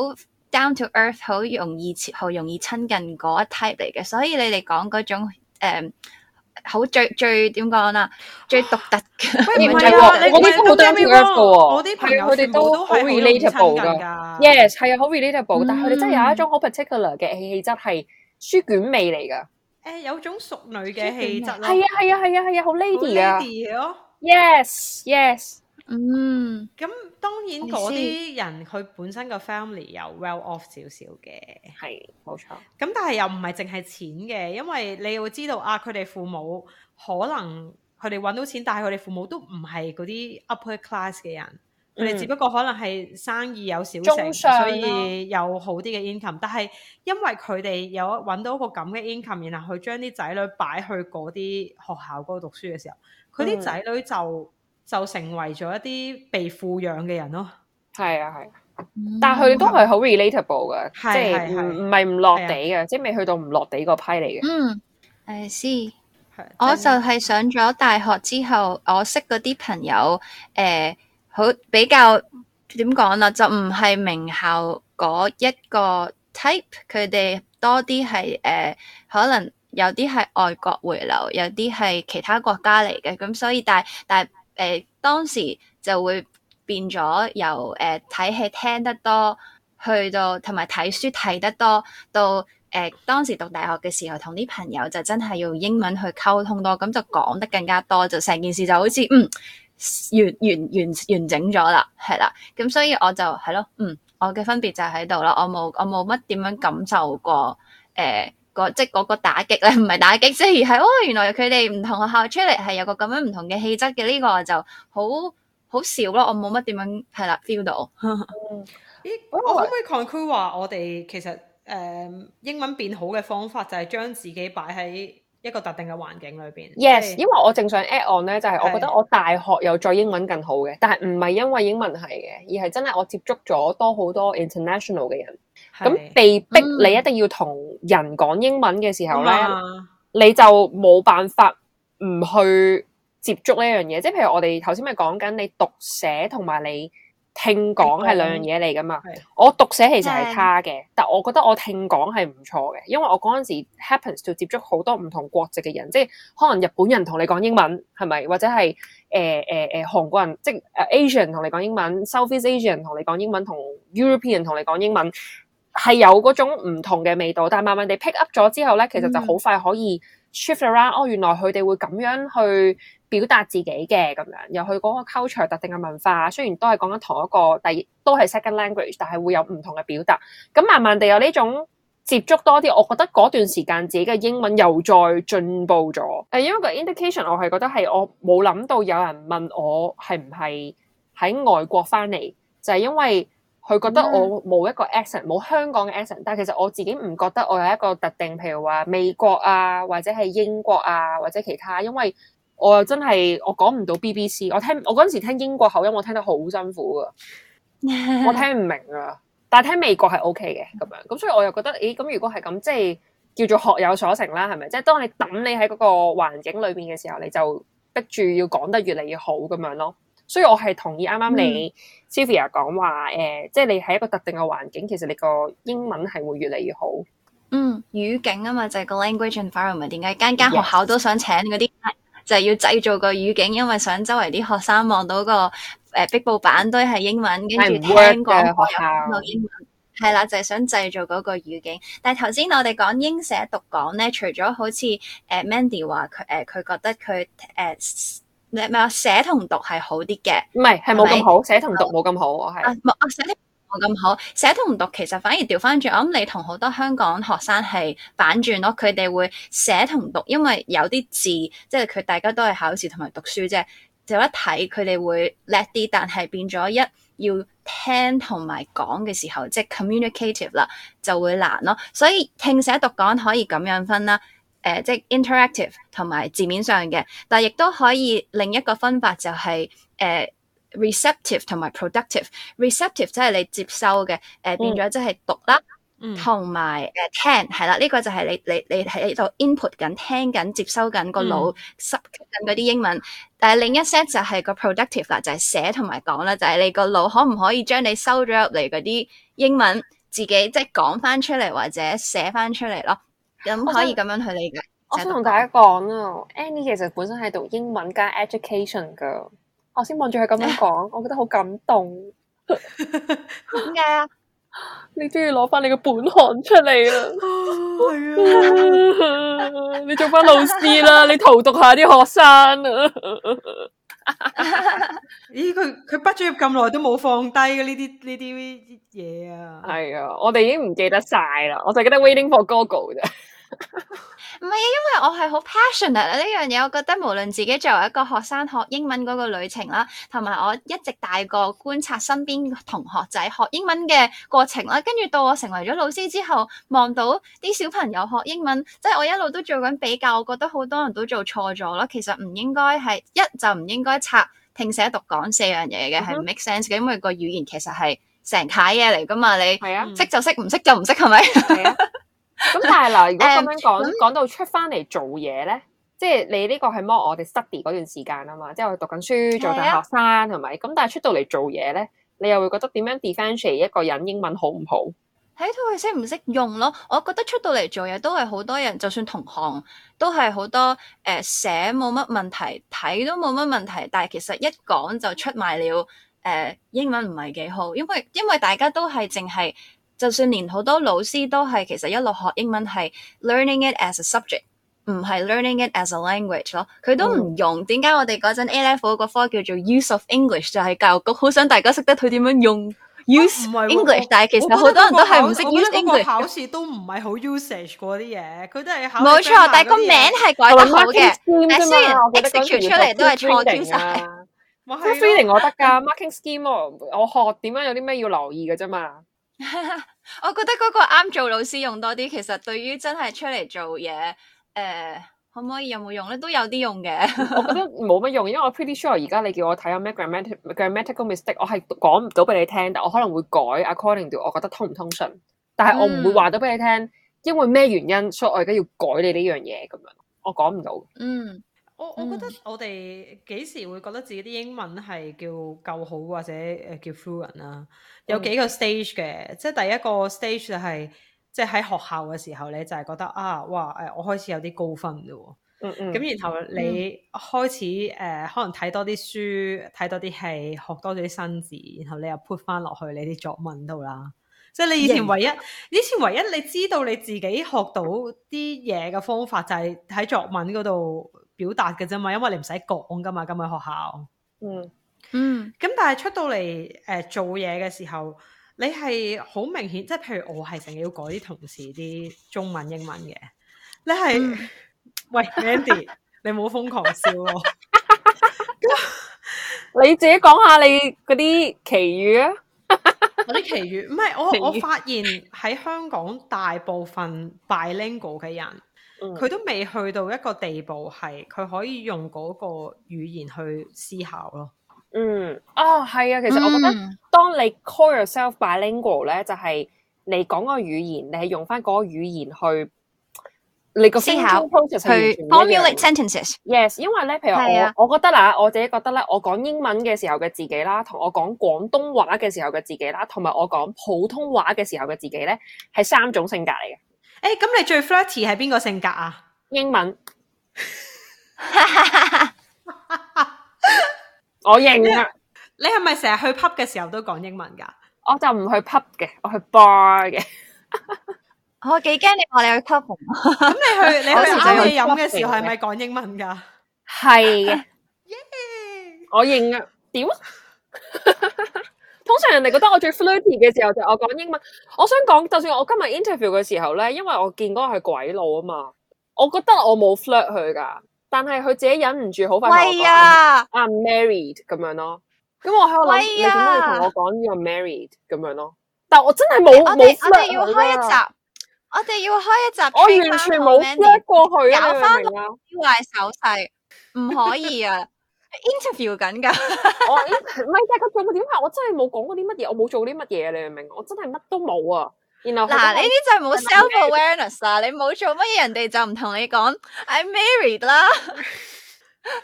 down to earth，好容易切好容易親近嗰一 type 嚟嘅，所以你哋講嗰種、呃好最最點講啦，最獨特嘅。唔係啊，你啲鋪冇單調嘅喎，係佢哋都係好 relatable 㗎。Yes，係啊，好 relatable，但係佢哋真係有一種好 particular 嘅氣質，係書卷味嚟㗎。誒，有種淑女嘅氣質咯。係啊，係啊，係啊，係啊，好 lady 啊。Yes，yes。嗯，咁、嗯、當然嗰啲人佢本身個 family 有 well off 少少嘅，係冇錯。咁但係又唔係淨係錢嘅，因為你會知道啊，佢哋父母可能佢哋揾到錢，但係佢哋父母都唔係嗰啲 upper class 嘅人，佢哋、嗯、只不過可能係生意有小成，所以有好啲嘅 income。但係因為佢哋有揾到一個咁嘅 income，然後佢將啲仔女擺去嗰啲學校嗰度讀書嘅時候，佢啲仔女就就成為咗一啲被富養嘅人咯，係啊，係，但係佢都係好 relatable 嘅，即係唔唔係唔落地嘅，是即係未去到唔落地個批嚟嘅。嗯，誒，C，係，我就係上咗大學之後，我識嗰啲朋友，誒、呃，好比較點講啦，就唔係名校嗰一個 type，佢哋多啲係誒，可能有啲係外國回流，有啲係其他國家嚟嘅，咁所以但係但係。誒、呃，當時就會變咗由誒睇戲聽得多，去到同埋睇書睇得多，到誒、呃、當時讀大學嘅時候，同啲朋友就真係用英文去溝通多，咁就講得更加多，就成件事就好似嗯完完完完整咗啦，係啦，咁所以我就係咯，嗯，我嘅分別就喺度啦，我冇我冇乜點樣感受過誒。呃那個即係嗰個打擊咧，唔係打擊，即係係哦，原來佢哋唔同學校出嚟係有個咁樣唔同嘅氣質嘅呢、呢個就好好少咯，我冇乜點樣係啦 feel 到。呵呵咦，我可唔可以 conclude 話我哋其實誒、嗯、英文變好嘅方法就係將自己擺喺一個特定嘅環境裏邊？Yes，以因為我正常 add on 咧，就係、是、我覺得我大學有再英文更好嘅，的但係唔係因為英文係嘅，而係真係我接觸咗多好多 international 嘅人。咁是、嗯、被逼你一定要同人講英文嘅時候咧，嗯啊、你就冇辦法唔去接觸呢樣嘢。即係譬如我哋頭先咪講緊你讀寫同埋你聽講係兩樣嘢嚟噶嘛。嗯嗯、我讀寫其實係差嘅，是但我覺得我聽講係唔錯嘅，因為我嗰陣時 happens to 接觸好多唔同國籍嘅人，即係可能日本人同你講英文係咪，或者係誒誒誒韓國人，即係 Asian 同你講英文，Southeast Asian 同你講英文，同 European 同你講英文。係有嗰種唔同嘅味道，但係慢慢地 pick up 咗之後咧，其實就好快可以 shift around。哦，原來佢哋會咁樣去表達自己嘅咁樣，又去嗰個 culture 特定嘅文化，雖然都係講緊同一個，但係都係 second language，但係會有唔同嘅表達。咁慢慢地有呢種接觸多啲，我覺得嗰段時間自己嘅英文又再進步咗。誒，因為個 indication 我係覺得係我冇諗到有人問我係唔係喺外國翻嚟，就係因為，佢覺得我冇一個 accent，冇香港嘅 accent，但係其實我自己唔覺得我有一個特定，譬如話美國啊，或者係英國啊，或者其他，因為我又真係我講唔到 BBC，我聽我嗰陣時聽英國口音，我聽得好辛苦噶，我聽唔明啊，但係聽美國係 OK 嘅咁樣，咁所以我又覺得，咦、欸、咁如果係咁，即係叫做學有所成啦，係咪？即係當你抌你喺嗰個環境裏面嘅時候，你就逼住要講得越嚟越好咁樣咯。所以我係同意啱啱你 Sylvia 講話誒，即係、嗯呃就是、你喺一個特定嘅環境，其實你個英文係會越嚟越好。嗯，語境啊嘛，就係、是、個 language environment。點解間間學校都想請嗰啲，Yes. 就係要製造個語境，因為想周圍啲學生望到個誒壁報板都係英文，跟住聽講都有英文。係啦，就係、是、想製造嗰個語境。但係頭先我哋講英寫讀講咧，除咗好似誒、呃、Mandy 話佢誒，佢、呃、覺得佢誒。呃你寫同讀係好啲嘅，唔係係冇咁好，寫同讀冇咁好，我係冇啊，寫冇咁好，寫同讀其實反而調翻轉，我諗你同好多香港學生係反轉咯，佢哋會寫同讀，因為有啲字即係佢大家都係考試同埋讀書啫，就一睇佢哋會叻啲，但係變咗一要聽同埋講嘅時候，即係 communicative 啦，就會難咯，所以聽寫讀講可以咁樣分啦。誒、呃，即係 interactive 同埋字面上嘅，但係亦都可以另一個分法就係誒 receptive 同埋 productive。receptive produ Re 即係你接收嘅，誒、呃、變咗即係讀啦，同埋誒聽係啦。呢、呢個就係你你你喺度 input 緊、聽緊、接收緊個腦吸緊嗰啲英文。但係另一 set 就係個 productive 啦，就係寫同埋講啦，就係你個腦可唔可以將你收咗入嚟嗰啲英文自己即係講返出嚟或者寫返出嚟咯。咁可以咁樣去理解。我想同上大家講啊 Annie 其實本身係讀英文加 education 噶，我先望住佢咁樣講，我覺得好感動。點解啊？ 你終於攞翻你個本行出嚟啦。係啊，你做翻老師啦，你荼讀下啲學生啊。 咦？佢佢畢咗業咁耐都冇放低嘅呢啲呢啲嘢啊？係 啊樂、哎，我哋已經唔記，記得晒啦，我就記得 waiting for Google 啫。 唔係啊，因為我係好 passionate 呢樣嘢，這個，我覺得無論自己作為一個學生學英文嗰個旅程啦，同埋我一直大個觀察身邊同學仔學英文嘅過程啦，跟住到我成為咗老師之後，望到啲小朋友學英文，即、就、係、是、我一路都做緊比較，我覺得好多人都做錯咗咯。其實唔應該係，一就唔應該拆聽寫讀講四樣嘢嘅，係唔 make sense 嘅，因為個語言其實係成套嘢嚟㗎嘛。你係啊，識、嗯、就識，唔識就唔識，係咪？係啊。咁 但係嗱，如果咁樣講，講、嗯、到出翻嚟做嘢咧，即係你呢個係摸我哋 study 嗰段時間啊嘛，即係我讀緊書，做緊學生，係咪的？咁、嗯、但係出到嚟做嘢咧，你又會覺得點樣 defence 一個人英文好唔好？睇到佢識唔識用咯。我覺得出到嚟做嘢都係好多人，就算同行都係好多誒，寫冇乜問題，睇都冇乜問題，但係其實一講就出賣了。誒、呃，英文唔係幾好，因為因為大家都係淨係。就算連好多老師都係其實一路學英文係 learning it as a subject，唔係 learning it as a language 咯，佢都唔用。點解我哋嗰陣 A level 個科叫做 use of English 就係教育局好想大家識得佢點樣用 use English？但係其實好多人都係唔識 use English 考試都唔係好 usage 嗰啲嘢，佢都係考。冇錯，但係個名係改得好嘅。但雖然 execute 出嚟都係錯 Q 曬。都飛我得㗎，marking scheme 我我學點樣有啲咩要留意㗎啫嘛。 我覺得嗰個啱做老師用多啲，其實對於真係出嚟做嘢，誒、呃，可唔可以有冇用咧？都有啲用嘅， 我覺得冇乜用，因為我 pretty sure 而家你叫我睇有咩 grammatical mistake，我係講唔到俾你聽，但我可能會改 according to 我覺得通唔通順，但係我唔會話到俾你聽，嗯、因為咩原因，所以我而家要改你呢樣嘢咁樣，我講唔到。嗯，我我覺得我哋幾時會覺得自己啲英文係叫夠好或者誒叫 fluent 啊？有幾個 stage 嘅，即係第一個 stage 就係、是，即係喺學校嘅時候你就係覺得啊，哇，誒，我開始有啲高分嘅喎。嗯嗯。咁然後你開始誒、嗯呃，可能睇多啲書，睇多啲戲，學多咗啲新字，然後你又 put 翻落去你啲作文度啦。即係你以前唯一，Yeah. 以前唯一你知道你自己學到啲嘢嘅方法就係喺作文嗰度表達嘅啫嘛，因為你唔使講噶嘛，咁喺學校。嗯。嗯，咁但係出到嚟誒做嘢嘅時候，你係好明顯，即係譬如我係成日要改啲同事啲中文、英文嘅，你係、嗯、喂 Mandy，你冇瘋狂笑我， 你自己講下你嗰啲奇遇啊，嗰啲奇遇，唔係我餘我發現喺香港大部分 bilingual 嘅人，佢、嗯、都未去到一個地步係，佢可以用嗰個語言去思考咯。嗯，哦，係啊，其實我覺得、嗯、當你 call yourself bilingual 咧、嗯，就係你講個語言，你係用翻嗰個語言去思考 你個 thinking process 去 formulating sentences。Yes，因為咧，譬如我，的我，我覺得啦，我自己覺得咧，我講英文嘅時候嘅自己啦，同我講廣東話嘅時候嘅自己啦，同埋我講普通話嘅時候嘅自己咧，係三種性格嚟嘅。誒，咁你最 flirty 係邊個性格啊？英文。 我認啦，你係咪成日去 pub 嘅時候都講英文噶？我就唔去 pub 嘅，我去 bar 嘅。我幾驚你話你去 pub 咁你去你去，去，去你飲嘅時候係咪講英文噶？係嘅， 的 Yeah. 我認啊。點？ 通常人哋覺得我最 flirty 嘅時候就我講英文。我想講，就算我今日 interview 嘅時候咧，因為我見嗰個係鬼佬啊嘛，我覺得我冇 flirt 佢噶。但係佢自己忍唔住，好快我講啊，I'm married 咁樣咯。咁我喺度諗，你點解要同我講呢個 married 咁樣咯？但係我真係冇冇我哋 f 要開一集，我哋要開一集。我完全冇拉過去啊！搞翻好壞手勢，唔可以啊！Interview 緊噶， 我唔係即係佢做嘅點解？我真係冇講過啲乜嘢，我冇做啲乜嘢，你明唔明？我真係乜都冇啊！嗱，呢啲就係冇 self-awareness 啦，你冇做乜嘢，人哋就唔同你講，I'm married 啦。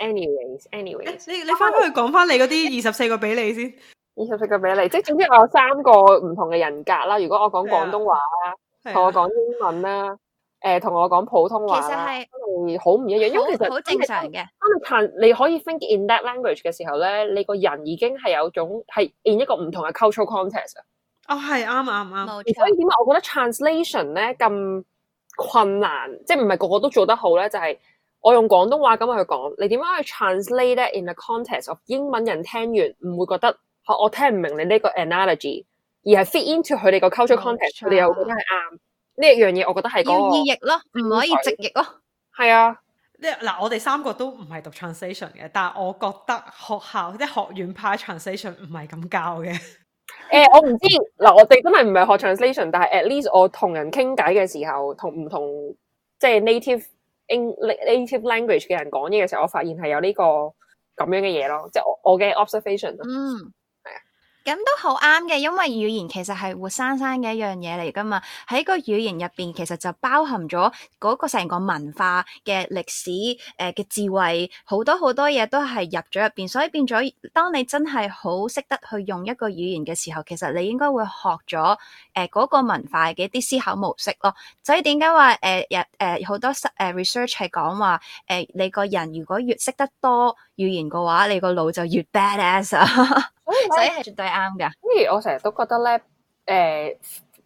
Anyways，anyways，anyways，哎、你你翻去講翻你嗰啲二十四個俾你先。二十四個俾你，即係總之我有三個唔同嘅人格啦。如果我講廣東話啦，同、啊啊、我講英文咧，誒、呃、同我講普通話啦，其實係好唔一樣。很因為其實好正常嘅。當你你可以 think in that language 嘅時候咧，你個人已經係有種係 in 一個唔同嘅 cultural context 哦，係啱啱啱，所以點解我覺得 translation 咧咁困難，即係唔係個個都做得好咧？就係、是、我用廣東話咁去講，你點樣去 translate 咧？In the context of 英文人聽完唔會覺得嚇我聽唔明你呢個 analogy，而係 fit into 佢哋個 culture context 冇錯。你又覺得係啱？呢一樣嘢我覺得係、那個、要意譯咯，唔可以直譯咯。係啊，嗱，我哋三個都唔係讀 translation 嘅，但係我覺得學校即係學院派 translation 唔係咁教嘅。誒、嗯呃，我唔知嗱，我哋真係唔係學 translation，但係 at least 我同人傾偈嘅時候，同唔同即係 native eng native language 嘅人講嘢嘅時候，我發現係有呢、這個咁樣嘅嘢咯，即係我我嘅 observation 咯。嗯咁都好啱嘅，因為語言其實係活生生嘅一樣嘢嚟㗎嘛。喺個語言入邊，其實就包含咗嗰個成個文化嘅歷史、誒、呃、嘅智慧，好多好多嘢都係入咗入邊。所以變咗，當你真係好識得去用一個語言嘅時候，其實你應該會學咗誒嗰個文化嘅一啲思考模式咯。所以點解話誒日誒好多誒 research 係講話誒你個人如果越識得多語言嘅話，你個腦就越 badass 啊！ 所以係絕對啱㗎。跟住我成日都覺得咧，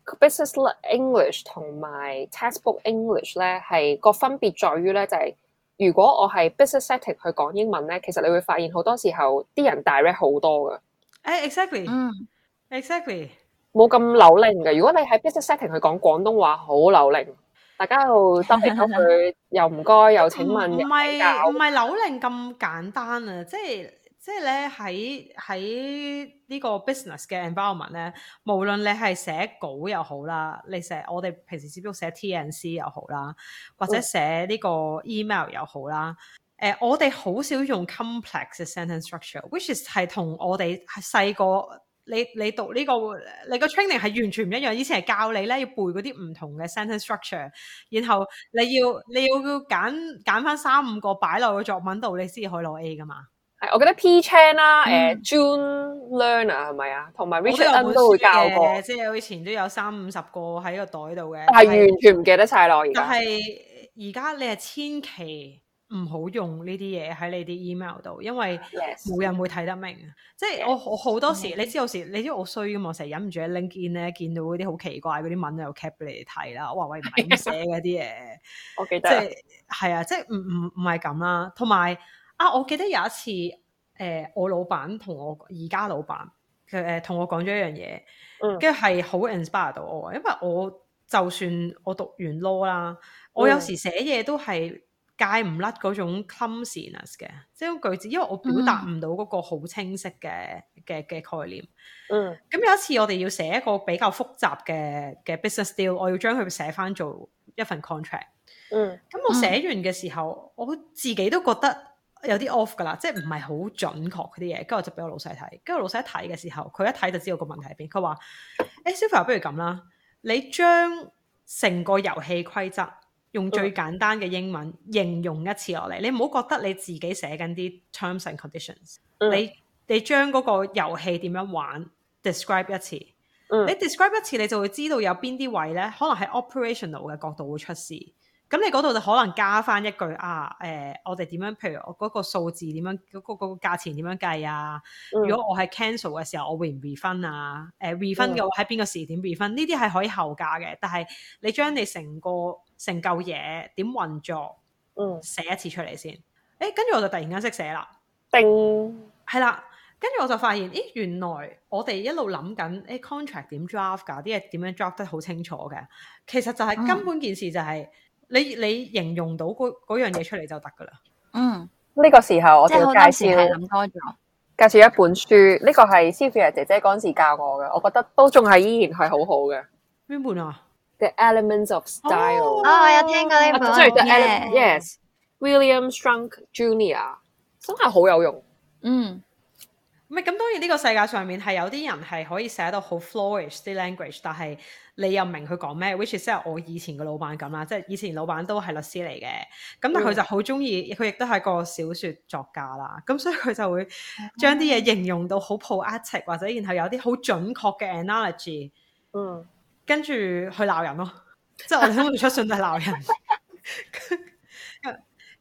誒 business English 同埋 textbook English 咧係個分別在於咧，就係如果我係 business setting 去講英文咧，其實你會發現好多時候啲人 direct 好多㗎。誒 exactly，exactly 冇咁扭擰嘅。如果你喺 business setting 去講廣東話，好扭擰，大家又收皮咗佢，又唔該，又請問。唔係唔係扭擰咁簡單啊！即係。即係咧，喺喺呢個 business 嘅 environment 咧，無論你係寫稿又好啦，你寫我哋平時只不過寫 T n C 又好啦，或者寫呢個 email 又好啦。誒、呃，我哋好少用 complex 嘅 sentence structure，which 係同我哋細個你你讀呢、呢個你個 training 係完全唔一樣。以前係教你咧，要背嗰啲唔同嘅 sentence structure，然後你要你要要揀揀翻三五個擺落個作文度，你先至可以攞 A 㗎嘛。係，我覺得 P. Chan 啦、嗯，誒，June Learner 係咪啊？同埋 Richard 都會教過，即係以前都有三五十個喺個袋度嘅。係是完全唔記得晒咯，而家。但係而家你係千祈唔好用呢啲嘢喺你啲 email 度，因為冇人會睇得明。Yes. 即係我我好多時，Yes. 我時，你知有時你知我衰噶嘛，成日忍唔住喺 LinkedIn 咧見到嗰啲好奇怪嗰啲文，又 cap 俾你睇啦。我話喂，唔係咁寫嗰啲嘢。 我記得即，即係係啊，即係唔唔唔係咁啦，同埋。啊！我記得有一次，誒、呃，我老闆同我而家老闆佢誒同我講咗一樣嘢，跟住係好 inspire 到我。因為我就算我讀完 law 啦、嗯，我有時寫嘢都係戒唔甩嗰種 clumsiness 嘅，即係句字，因為我表達唔到嗰個好清晰嘅嘅嘅概念。嗯，咁有一次我哋要寫一個比較複雜嘅嘅 business deal，我要將佢寫翻做一份 contract、嗯。嗯、咁、嗯、我寫完嘅時候，我自己都覺得。有啲 off 噶啦，即係唔係好準確嗰啲嘢，跟住我就俾我老細睇，跟住老細一睇嘅時候，佢一睇就知道個問題喺邊。佢話：誒 Sophia 不如咁啦，你將成個遊戲規則用最簡單嘅英文形容一次落嚟，你唔好覺得你自己寫緊啲 terms and conditions，mm. 你你將嗰個遊戲點樣玩 describe 一次，mm. 你 describe 一次你就會知道有邊啲位呢可能喺 operational 嘅角度會出事。咁你嗰度就可能加翻一句啊，誒、呃，我哋點樣？譬如我嗰個數字點樣？嗰個嗰個價錢點樣計啊？嗯、如果我係 cancel 嘅時候，我會唔會 refund 啊？誒 refund 嘅話喺邊、嗯、個時點 refund 呢啲係可以後價嘅，但係你將你成個成嚿嘢點運作，嗯，寫一次出嚟先。誒、欸，跟住我就突然間識寫啦。定係啦，跟住我就發現，咦，原來我哋一路諗緊誒 contract 點 draft 㗎？啲嘢點樣 draft 得好清楚嘅？其實就係根本件事就係。你你形容到嗰嗰樣嘢出嚟就得噶啦。嗯，呢 個時候我哋要介紹咧。即係好多時係諗多咗。介紹一本書，呢、這個係 Sophia 姐姐嗰陣時教我嘅，我覺得都仲係依然係好好嘅。邊本啊？The Elements of Style。啊、哦，oh, 我有聽過呢本。即係、啊、Yeah. The Elements yes。Yes，William Strunk Junior 真係好有用。嗯。咁當然呢個世界上面係有啲人係可以寫到好 flourish 啲 language，但係你又唔明佢講咩？which is 即係我以前嘅老闆咁啦，即係以前老闆都係律師嚟嘅，咁但佢就好中意，佢亦都係個小説作家啦。咁所以佢就會將啲嘢形容到好 poetic，或者然後有啲好準確嘅 analogy，嗯，跟住去鬧人咯、哦，即 係我哋寫出信就係鬧人。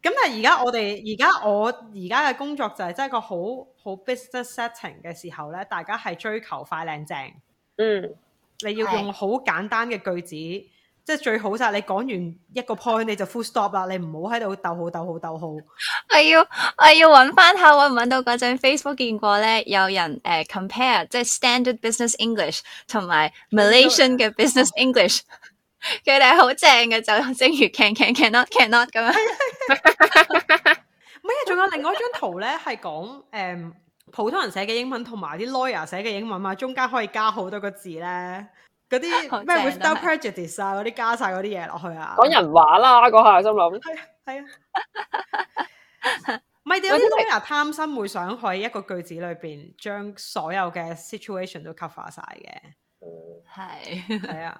咁但而家我哋而家我而家嘅工作就係真係一個好好 business setting 嘅時候咧，大家係追求快、靚、正。嗯，你要用好簡單嘅句子，是即係最好就係你講完一個 point 你就 full stop 啦，你唔好喺度逗號、逗號、逗號。我要我要揾翻下，揾唔揾到嗰陣 Facebook 見過咧，有人誒、uh, compare 即係 standard business English 同埋 Malaysian 嘅 business English。佢哋係好正嘅，就正如 can can cannot cannot 咁樣。咩啊？仲有另外一張圖咧，係講誒普通人寫嘅英文，同埋啲 lawyer 寫嘅英文啊，中間可以加好多個字咧，嗰啲咩 without prejudice 啊，嗰啲是加晒嗰啲嘢落去啊，講人話啦，講下心諗。係啊，係啊，唔係啲 lawyer 貪心，會想喺一個句子裏邊將所有嘅 situation 都 cover 晒嘅。嗯，係，係啊。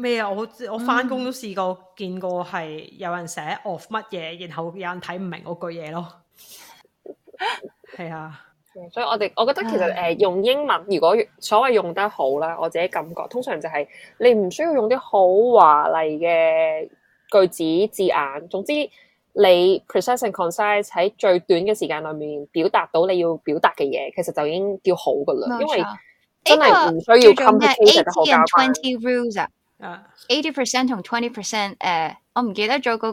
咩啊！我我翻工都試過見過係有人寫 of 乜嘢，然後有人睇唔明嗰句嘢咯。係 啊， 所以我哋我覺得其實誒、呃、用英文，如果所謂用得好啦，我自己感覺通常就係你唔需要用啲好華麗嘅句子字眼，總之你 precise and concise 喺最短嘅時間裏面表達到你要表達嘅嘢，其實就已經叫好噶啦。錯因為真係唔需要 complicated 嘅好簡單。啊，eighty percent 同 twenty percent，誒，uh，我唔記得咗嗰個、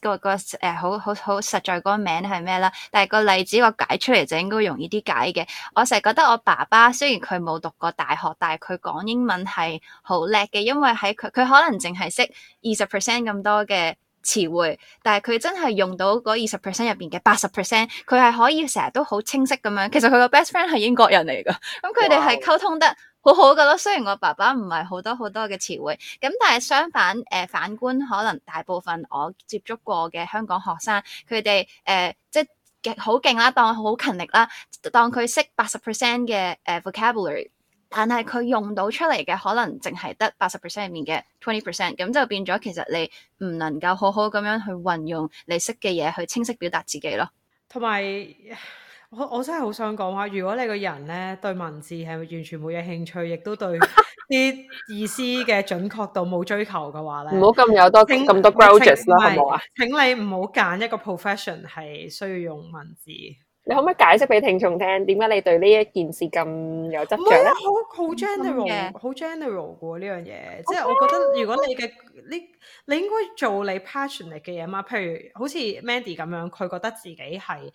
個、個誒、呃、好好好實在嗰個名係咩啦，但係個例子我解出嚟就應該容易啲解嘅。我成日覺得我爸爸雖然佢冇讀過大學，但係佢講英文係好叻嘅，因為喺佢佢可能淨係識二十 percent 咁多嘅詞彙，但係佢真係用到嗰二十 percent 入邊嘅八十 percent，佢係可以成日都好清晰咁樣。其實佢個 best friend 係英國人嚟噶，咁佢哋係溝通得。Wow. 好好噶咯，雖然我爸爸唔係好多好多嘅詞彙，咁但係相反，誒、呃、反觀可能大部分我接觸過嘅香港學生，佢哋誒即係好勁啦，當佢好勤力啦，當佢識八十 percent 嘅誒 vocabulary，但係佢用到出嚟嘅可能淨係得八十 percent 入面嘅 twenty percent，咁就變咗其實你唔能夠好好咁樣去運用你識嘅嘢去清晰表達自己咯。同埋。我我真係好想講話，如果你個人咧對文字係咪完全冇嘢興趣，亦都對啲意思嘅準確度冇追求嘅話咧，唔好咁有多咁請多 grouches 咯請，係冇啊？請你唔好揀一個 profession 係需要用文字。你可唔可以解釋俾聽眾聽，點解你對呢一件事咁有執着咧？好好 general，好 general 嘅呢樣嘢，即係我覺得如果你嘅 Okay. 你你應該做你 passion 嚟嘅嘢嘛，譬如好似 Mandy 咁樣，佢覺得自己係。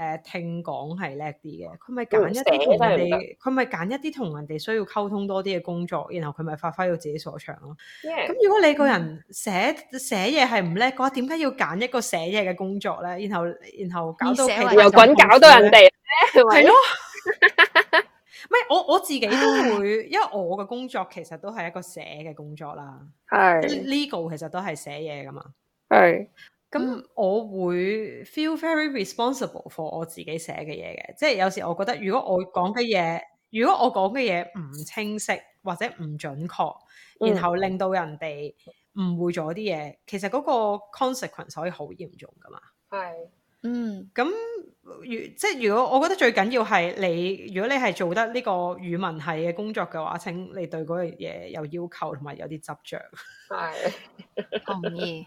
誒，聽講係叻啲嘅，佢咪揀一啲同人哋，佢咪揀一啲同人哋需要溝通多啲嘅工作，然後佢咪發揮到自己所長咯。咁 Yeah. 如果你個人寫寫嘢係唔叻嘅話，點解、嗯、要揀一個寫嘢嘅工作咧？然後然後搞到佢又滾，搞到人哋係咯。唔 係 我我自己都會， 因為我嘅工作其實都係一個寫嘅工作啦。係 legal 是其實都係寫嘢噶嘛。係。咁、嗯、我會 feel very responsible for 我自己寫嘅嘢嘅，即係有時我覺得如果我講嘅嘢，如果我講嘅嘢唔清晰或者唔準確，嗯、然後令到人哋誤會咗啲嘢，其實嗰個 consequence 可以好嚴重噶嘛。係是，嗯。咁如即係如果我覺得最緊要係你，如果你係做得呢個語文系嘅工作嘅話，請你對嗰樣嘢有要求同埋有啲執著。係是， 同意。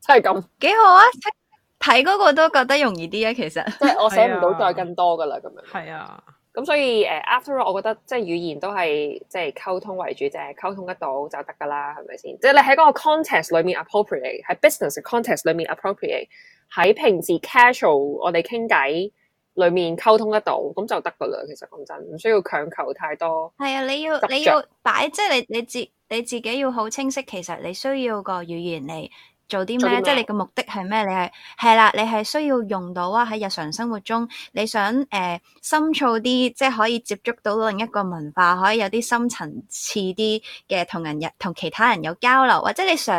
即係咁，幾好啊！睇嗰個都覺得容易啲啊，其實即係我寫唔到再更多噶啦，咁樣係啊。咁所以誒，呃，after all，我覺得即係語言都係即係溝通為主，就係溝通得到就得噶啦，係咪先？即係你喺嗰個 context 裏面 appropriate，喺 business context 裏面 appropriate，喺平時 casual 我哋傾偈裏面溝通得到咁就得噶啦。其實講真，唔需要強求太多。係啊，你要你要擺，即係你你自你自己要好清晰，其實你需要個語言嚟做啲咩？即係你個目的係咩？你係係啦，你係需要用到啊！喺日常生活中，你想誒、呃、深造啲，即係可以接觸到另一個文化，可以有啲深層次啲嘅同人同其他人有交流，或者你想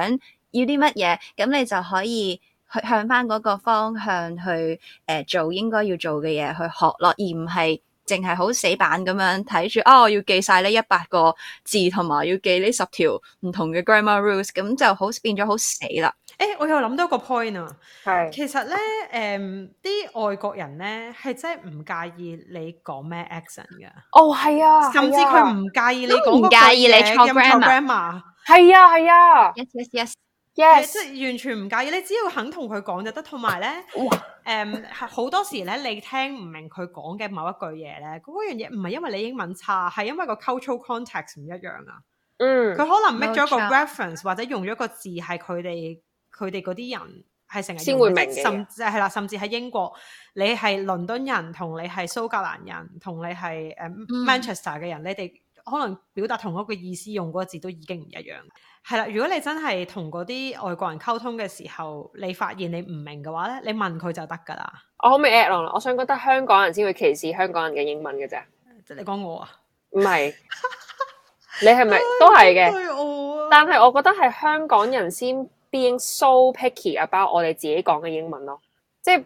要啲乜嘢，咁你就可以去向翻嗰個方向去誒、呃、做應該要做嘅嘢去學落，而唔係，淨係好死板咁樣睇住哦，我要記晒呢一百個字，同埋要記呢十條唔同嘅 grammar rules，咁就好變咗好死啦。誒、欸，我又諗到一個 point 啊，係是其實咧，誒、呃，啲外國人咧係真係唔介意你講咩 accent 嘅。哦，係啊，啊啊甚至佢唔介意你講，唔介意你錯 grammar。係 gram 啊，係啊。啊 yes, yes, y、yes. 即係 Yes. 完全唔介意，你只要肯同佢講就得。同埋咧，誒，好多時咧，你聽唔明佢講嘅某一句嘢咧，嗰樣嘢唔係因為你英文差，係因為個 cultural context 唔一樣啊。嗯，佢可能 make 咗個 reference 錯或者用咗個字係佢哋佢哋嗰啲人係成日先會明，甚，甚至係啦，甚至喺英國，你係倫敦人，同你係蘇格蘭人，同你係誒、uh, Manchester 嘅人，嗯、你哋可能表達同一個意思，用嗰個字都已經唔一樣。係啦，如果你真係同嗰啲外國人溝通嘅時候，你發現你唔明嘅話咧，你問佢就得噶啦。我可唔可以 at 咯，我想覺得香港人先會歧視香港人嘅英文嘅啫。你講我啊？唔係是， 你係咪 都係嘅？哎啊，但係我覺得係香港人先 being so picky about 我哋自己講嘅英文咯，即、就、係、是。.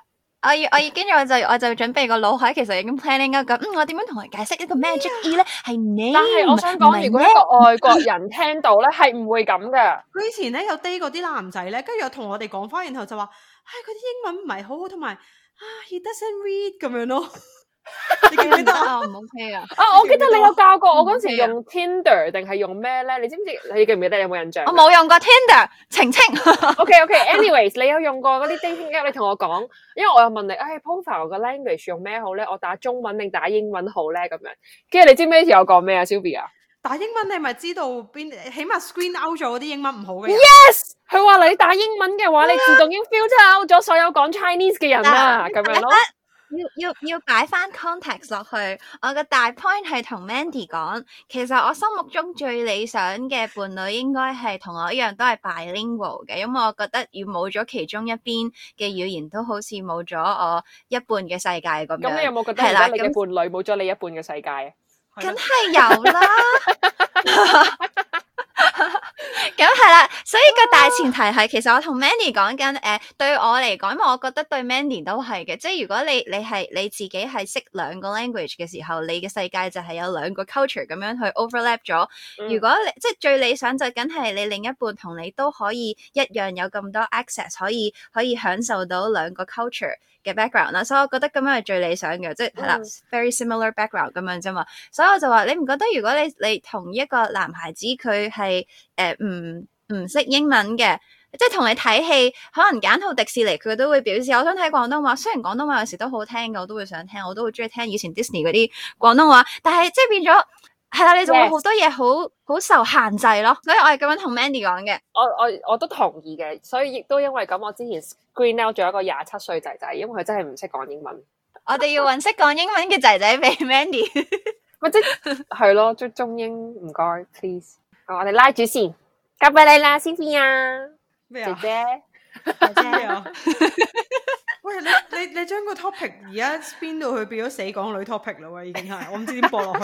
我要，我要，跟住我就，我就準備個腦海，其實已經 planning 一個咁，嗯，我點樣同佢解釋呢個咩 magic e 咧？係你唔係咧？但係我想講，如果一個外國人聽到咧係唔會咁嘅。佢以前咧有 date 過啲男仔咧，跟住又同我哋講翻，然後就話，唉、哎，佢啲英文唔係好好，同埋啊，he doesn't read 咁樣咯。你記唔記得啊唔好聽啊！啊，我記得你有教過我嗰時用 Tinder 定係用咩咧？你知唔知？你記唔記得有冇印象？我冇用過 Tinder，澄清。OK OK，Anyways，你有用過嗰啲 dating app？你同我講，因為我又問你，誒 profile 個 language 用咩好咧？我打中文定打英文好咧？咁樣，跟住你知唔知？叫我講咩啊，Sylvia？打英文你咪知道邊？起碼 screen out 咗啲英文唔好嘅。Yes，佢話你打英文嘅話，你自動已經 filter out 咗所有講 Chinese 嘅人啦，咁樣咯。要要要擺翻 context 落去，我個大 point 係同 Mandy 講，其實我心目中最理想嘅伴侶應該係同我一樣都係 bilingual 嘅，因為我覺得要冇咗其中一邊嘅語言，都好似冇咗我一半嘅世界咁樣。咁你有冇覺得係啦，你嘅伴侶冇咗你一半嘅世界啊？梗係有啦。 咁係啦，所以個大前提係，其實我同 Mandy 講緊，誒、呃，對我嚟講，因為我覺得對 Mandy 都係嘅，即係如果你你係你自己係識兩個 language 嘅時候，你嘅世界就係有兩個 culture 咁樣去 overlap 咗。如果你、嗯、即係最理想就梗係你另一半同你都可以一樣有咁多 access，可以可以享受到兩個 culture。嘅 background 啦，所以我覺得咁樣係最理想嘅，即係係啦，very similar background 咁樣啫嘛。所以我就話，你唔覺得如果你你同一個男孩子佢係誒唔唔識英文嘅，即係同你睇戲，可能揀套迪士尼佢都會表示，我想睇廣東話。雖然廣東話有時都好聽嘅，我都會想聽，我都會鍾意聽以前 Disney 嗰啲廣東話，但係即係變咗。係啦， 嗯、你仲有好多嘢好好受限制咯，所以我係咁樣同 Mandy 講嘅。我我我都同意嘅，所以亦都因為咁，我之前 screen out 做一個廿七歲仔仔，因為佢真係唔識講英文。 我哋要搵識講英文嘅仔仔俾 Mandy，咪即係咯，中英唔該，please。好，我哋拉住先，交俾你啦先先 n t h i a 姐姐， 麼 喂，你你你將個 topic 而家 spin 到去變咗死港女 topic 啦，已經係，我唔知點播落去。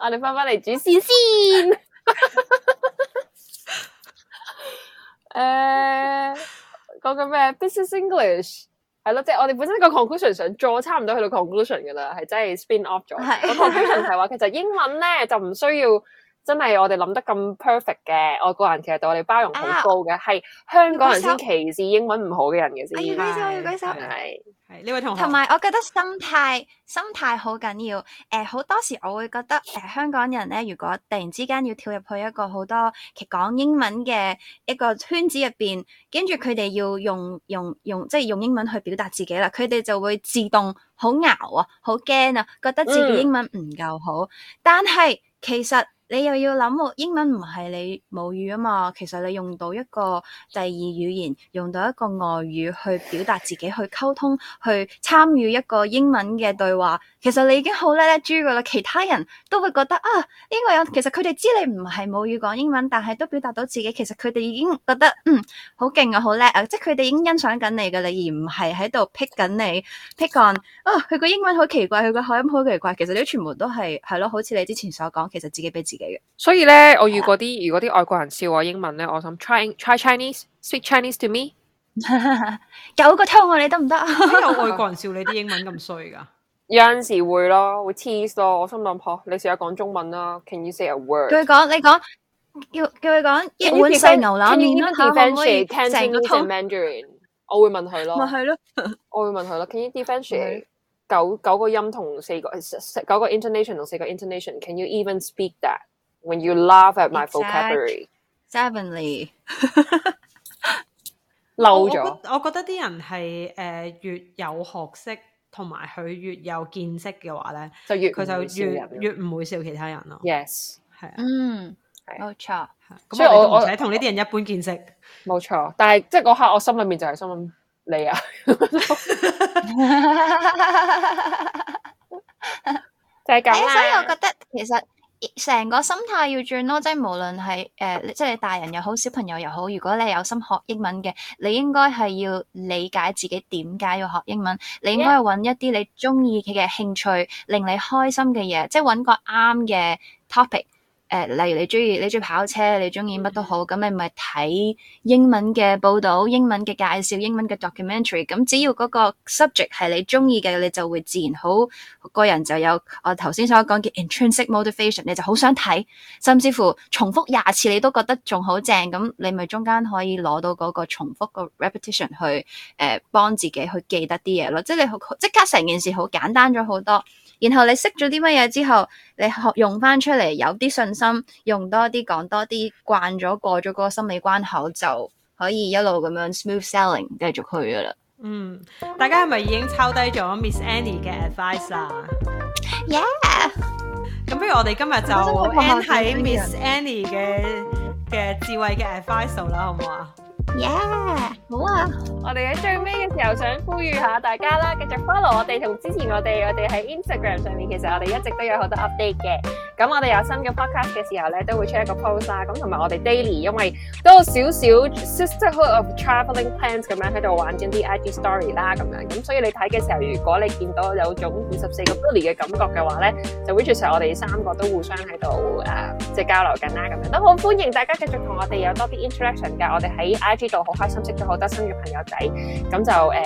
我哋翻翻嚟主線先。誒，講個咩？Business English。係咯，即係我哋本身個 conclusion 想，做差唔多去到 conclusion 噶啦，係真係 spin off 咗。個 conclusion 係話，其實英文咧就唔需要。真係我哋諗得咁 perfect 嘅外國人，其實對我哋包容好高嘅，係、啊、香港人先歧視英文唔好嘅人嘅先。我要舉手、啊，我要舉手，係係呢位同學。同埋我覺得心態心態好緊要。誒、呃、好多時我會覺得誒、呃、香港人咧，如果突然之間要跳入去一個好多講英文嘅一個圈子入邊，跟住佢哋要用用用，用即係用英文去表達自己啦，佢哋就會自動好熬啊，好驚啊，覺得自己英文唔夠好，嗯、但係其實。你又要諗喎，英文唔係你母語啊嘛，其實你用到一個第二語言，用到一個外語去表達自己，去溝通，去參與一個英文嘅對話，其實你已經好叻叻豬噶啦，其他人都會覺得啊，呢個有，其實佢哋知你唔係母語講英文，但係都表達到自己，其實佢哋已經覺得嗯好勁啊，好叻啊，即係佢哋已經欣賞緊你噶啦，而唔係喺度 pick 緊你，pick on 啊佢個英文好奇怪，佢個口音好奇怪，其實你全部都係係咯，好似你之前所講，其實自己俾自。所以咧，我遇過啲如果啲外國人笑我英文咧，我想 try try Chinese speak Chinese to me，有個偷我你得唔得？邊有外國人笑你啲英文咁衰㗎？有陣時會咯，會 tease 咯，我心諗呵，你試下講中文啦，Can you say a word？佢講你講，叫叫佢講一碗細牛腩麵啦，Can you speak Mandarin？我會問佢咯，咪係咯，我會問佢咯，Can you speak Mandarin？九九個音同四個四九個 intonation 同四個 intonation，can you even speak that？When you laugh at my vocabulary，sevenly 溜咗。我我覺得啲人係誒、呃、越有學識同埋佢越有見識嘅話咧，就越佢就越越唔會笑其他人咯。Yes，係啊，嗯，係、啊、冇錯。咁我我我唔使同呢啲人一般見識，冇錯。但係即係嗰刻我心裏面就係心諗。你 啊，就係咁。所以，我覺得其實成個心態要轉咯，即係無論係誒，即、呃、係、就是、你大人又好，小朋友又好。如果你有心學英文嘅，你應該係要理解自己點解要學英文。你應該係揾一啲你中意佢嘅興趣，令你開心嘅嘢，即係揾個啱嘅 topic。誒，例如你中意你中意跑車，你中意乜都好，咁你咪睇英文嘅報道、英文嘅介紹、英文嘅 documentary，咁只要嗰個 subject 係你中意嘅，你就會自然好，個人就有我頭先所講嘅 intrinsic motivation，你就好想睇，甚至乎重複廿次你都覺得仲好正，咁你咪中間可以攞到嗰個重複個 repetition 去誒幫、呃、自己去記得啲嘢咯，即係你好即刻成件事好簡單咗好多。然後你識咗啲乜嘢之後，你學用翻出嚟，有啲信心，用多啲，講多啲，慣咗過咗嗰個心理關口，就可以一路咁樣 smooth sailing 繼續去噶啦。嗯，大家係咪已經抄低咗 Miss Mandy 嘅 advice 啦、mm.？Yes Yeah .。咁不如我哋今日就 end 喺 Miss Mandy 嘅嘅智慧嘅 advice 度啦，好唔好啊？耶！Yeah, 好啊，我哋喺最尾嘅時候想呼籲下大家啦，繼續 follow 我哋同支持我哋，我哋喺 Instagram 上面，其實我哋一直都有好多 update 嘅。咁我哋有新嘅 podcast 嘅時候咧，都會出一個 post 啦。咁同埋我哋 daily，因為都有少少 sisterhood of travelling plans 咁樣喺度玩緊啲 IG story 啦，咁樣。咁所以你睇嘅時候，如果你見到有種二十四個 bully 嘅感覺嘅話咧，就 which、er、我哋三個都互相喺度誒，即、啊、係、就是、交流緊啦。咁樣都好歡迎大家繼續同我哋有多啲 interaction 噶。我哋喺 IG 知道，好開心識咗好多新嘅朋友仔。咁就誒、呃，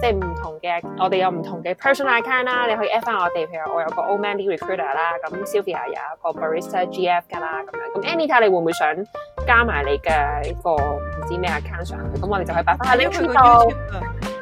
即係唔同嘅，我哋有唔同嘅 personal account 啦，你可以 add 翻我哋，譬如我有個 old man recruiter 啦，咁 Sylvia 有一個 barista gf 噶啦，咁樣，咁 Annie 你會唔會想加埋你嘅呢個唔知咩 account 上？咁我哋就可以擺翻喺呢邊度。